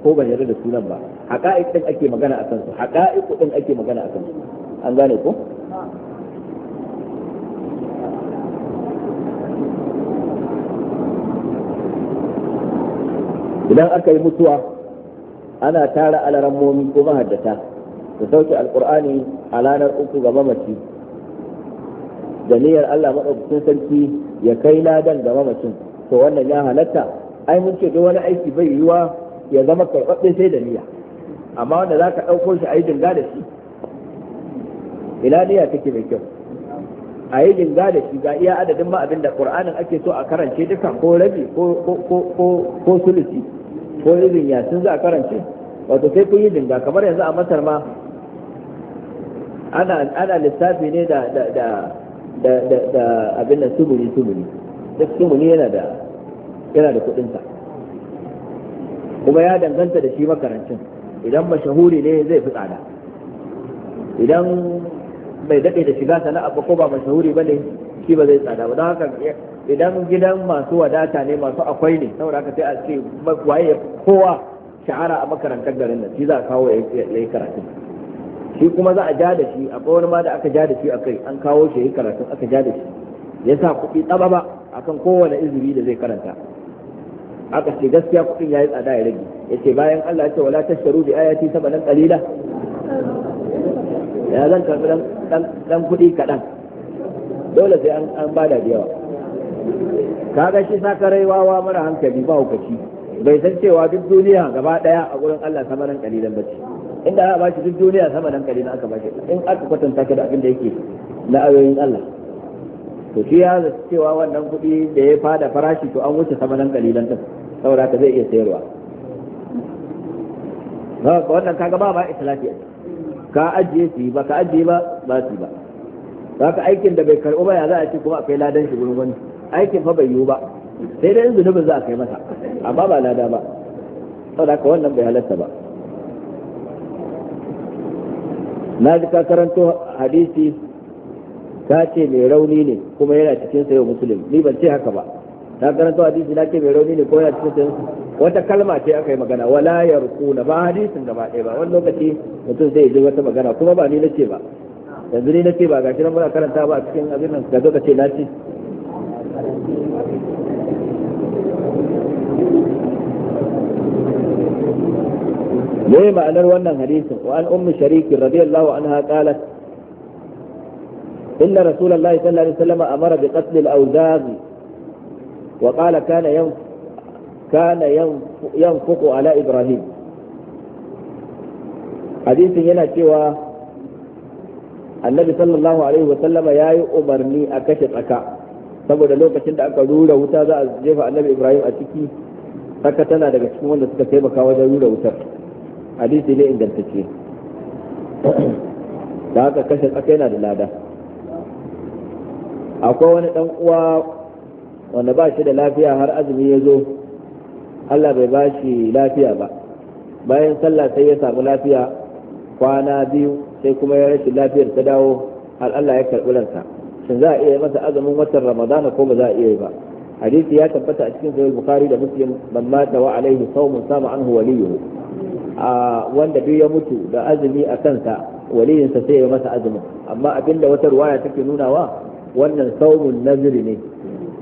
ko ban yarda da sunan ba haqa'iq din ake magana akan su haqa'iq din ake magana akan su an gane ko idan aka yi mutuwa ana tara alarammomi ko mahaddata da sauke alkur'ani a ranar uku ga mamaci da niyyar Allah maɗaukakin sarki ya kai ladan ga mamacin to wannan ya halatta ai mun ce duk wani aiki bai yiwa ya zama karɓaɓɓe sai da niyya amma wanda za ka ɗauko shi a yi dinga da shi ila niyya take mai kyau a yi dinga da shi ga iya adadin ma abin da ƙur'anin ake so a karance duka ko rabi ko sulusi ko irin yasin za a karance wato sai kun yi dinga kamar yanzu a masar ma ana lissafi ne da abin da sumuni sumuni duk sumuni yana da kuɗinsa kuma ya danganta da shi makarancin idan mashahuri ne zai fi tsada idan bai daɗe da shiga sana'a ba ko ba mashahuri ba ne shi ba zai tsada ba don haka idan gidan masu wadata ne masu akwai ne saboda haka sai a ce waye kowa shahara a makarantar garin nan shi za a kawo ya yi karatu shi kuma za a ja da shi akwai wani ma da aka ja da shi a kai an kawo shi ya yi karatu aka ja da shi ya sa kuɗi tsaba ba akan kowane izini da zai karanta aka ce gaskiya kuɗin yi tsada ya rage ya ce bayan Allah ya ce wala sharu bi ayati sabanan qalila ya zan karɓi dan kuɗi kaɗan dole sai an bada da yawa kaga shi raiwa wa mara hankali ba hukaci bai san cewa duk duniya gaba daya a gurin Allah sama nan kalilan bace inda aka bashi duk duniya sama nan aka aka shi in aka kwatanta ka da abin da yake na ayoyin Allah to shi ya zaci cewa wannan kuɗi da ya fada farashi to an wuce sama nan kalilan din saboda ka zai iya sayarwa ka wannan kaga ba ba islafi ka ajiye su ba ka ajiye ba ba su ba za ka aikin da bai karɓo ba ya za a ce kuma akwai ladan shi gurin wani aikin fa bai yiwu ba sai dai in zunubin za a kai masa amma ba lada ba saboda ka wannan bai halatta ba na ji ka karanto hadisi ta ce mai rauni ne kuma yana cikin yau musulun ni ban ce haka ba ta karanta hadisi na ke mai rauni ne kuma yana cikin sa wata kalma ce aka yi magana wala yarquna ba hadisin gaba ɗaya ba wani lokaci mutum zai ji wata magana kuma ba ni nace ba yanzu ni nace ba gashi nan muna karanta ba a cikin abin nan ka zaka ce na ce me ma'anar wannan hadisin wa an ummu shariki radiyallahu anha qalat إن رسول الله صلى الله عليه وسلم أمر بقتل الأوزاغ وقال كان ينف كان ينفق على إبراهيم حديث هنا شوى النبي صلى الله عليه وسلم يا أمرني أكشف أكا saboda lokacin da aka rura wuta za a jefa annabi ibrahim a ciki saka tana daga cikin wanda suka taimaka wajen rura wutar hadisi ne ingantacce da haka kashe tsaka yana da lada akwai wani dan uwa wanda ba shi da lafiya har azumi ya zo Allah bai ba shi lafiya ba bayan sallah sai ya samu lafiya kwana biyu sai kuma ya rashin lafiyar ta dawo har Allah ya karɓi ransa shin za a iya masa azumin watan ramadana ko ba za a iya yi ba hadisi ya tabbata a cikin sahih bukhari da muslim man mata wa alaihi sawmun sama anhu waliyuhu a wanda biyu ya mutu da azumi a kansa waliyinsa sai ya masa azumin amma abinda wata ruwaya take nunawa wannan saumun naziri ne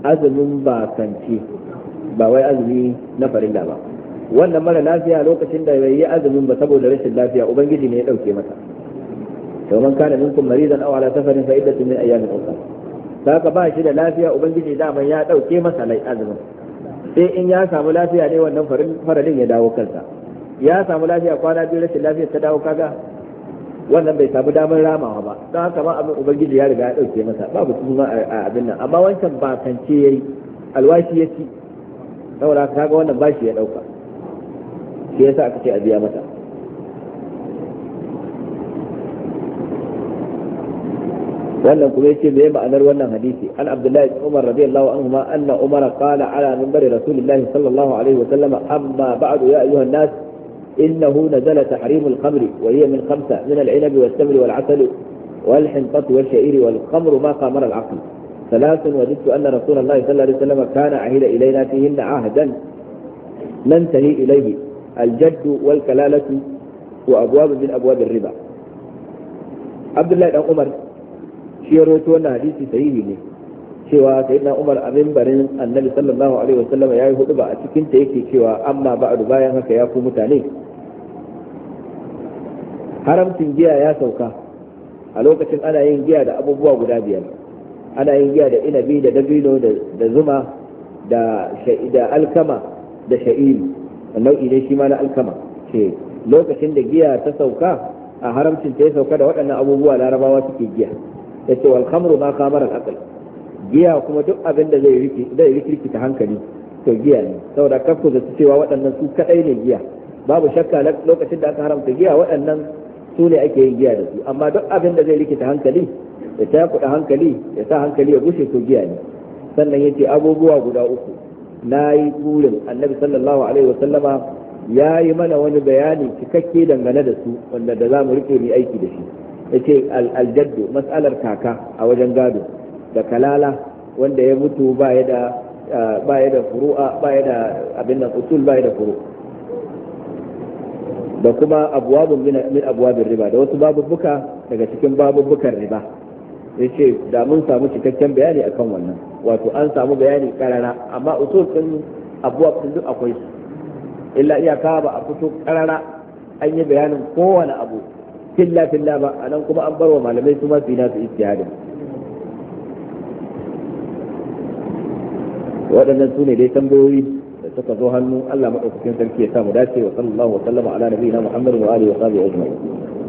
azumin bakanci ba wai azumi na farilla ba wannan mara lafiya lokacin da bai yi azumin ba saboda rashin lafiya ubangiji ne ya dauke masa to man kana minkum maridan aw ala safarin fa iddatun min ayyamin ukhra saka ba shi da lafiya ubangiji daman ya dauke masa lai azumin sai in ya samu lafiya ne wannan faralin ya dawo kansa ya samu lafiya kwana biyu rashin lafiya ta dawo kaga wannan bai samu damar ramawa ba don haka ma abin ubangiji ya riga ya ɗauke masa babu suna a abin nan amma wancan ba kance yayi alwashi ya ci saboda kaga wannan bashi ya ɗauka shi yasa aka ce a biya masa wannan kuma yace me ma'anar wannan hadisi an abdullahi bin umar radiyallahu anhu ma anna umara qala ala minbari rasulillahi sallallahu alaihi wa sallama amma ba'du ya ayyuhan nas إنه نزل تحريم الخمر وهي من خمسة من العنب والتمر والعسل والحنطة والشعير والخمر ما قامر العقل ثلاث وجدت أن رسول الله صلى الله عليه وسلم كان عهد إلينا فيهن عهدا ننتهي إليه الجد والكلالة وأبواب من أبواب الربا عبد الله بن عمر shi ya حديث سيدي لي sahihi سيدنا عمر sayyidina برين النبي صلى الله عليه وسلم wasallam yayi hudu تيكي a أما بعد بايا هكا يا ba'du haramcin giya ya sauka a lokacin ana yin giya da abubuwa guda biyar ana yin giya da inabi da dabino da zuma da alkama da sha'iri nau'i ne shi ma na alkama ce lokacin da giya ta sauka a haramcin ta ya sauka da waɗannan abubuwa larabawa suke giya ya ce wal khamru ma khamar al giya kuma duk abin da zai riki zai hankali to giya ne saboda kafku da cewa waɗannan su kadai ne giya babu shakka lokacin da aka haramta giya waɗannan su ne ake yin giya da su amma duk abin da zai rikita hankali ya ta kuɗa hankali ya sa hankali ya bushe to giya ne sannan ya ce abubuwa guda uku na yi turin annabi sallallahu alaihi wa sallama ya yi mana wani bayani cikakke dangane da su wanda da za mu rike mu aiki da shi ya ce aljaddu mas'alar kaka a wajen gado da kalala wanda ya mutu ba ya da ba ya da furu'a ba ya da abin da usul ba ya da furu'a da kuma abwabun min abwabin riba da wasu babubbuka daga cikin babubbukan riba yace da mun samu cikakken bayani akan wannan wato an samu bayani karara amma usul din abwab din duk akwai su illa iyaka ba a fito karara an yi bayanin kowane abu filla filla ba anan kuma an bar wa malamai su ma su yi nasu istihadin waɗannan su dai tambayoyi suka zo hannu Allah madaukakin sarki ya mu dace wa sallallahu wa sallama ala nabiyina Muhammad wa alihi wa sahbihi ajma'in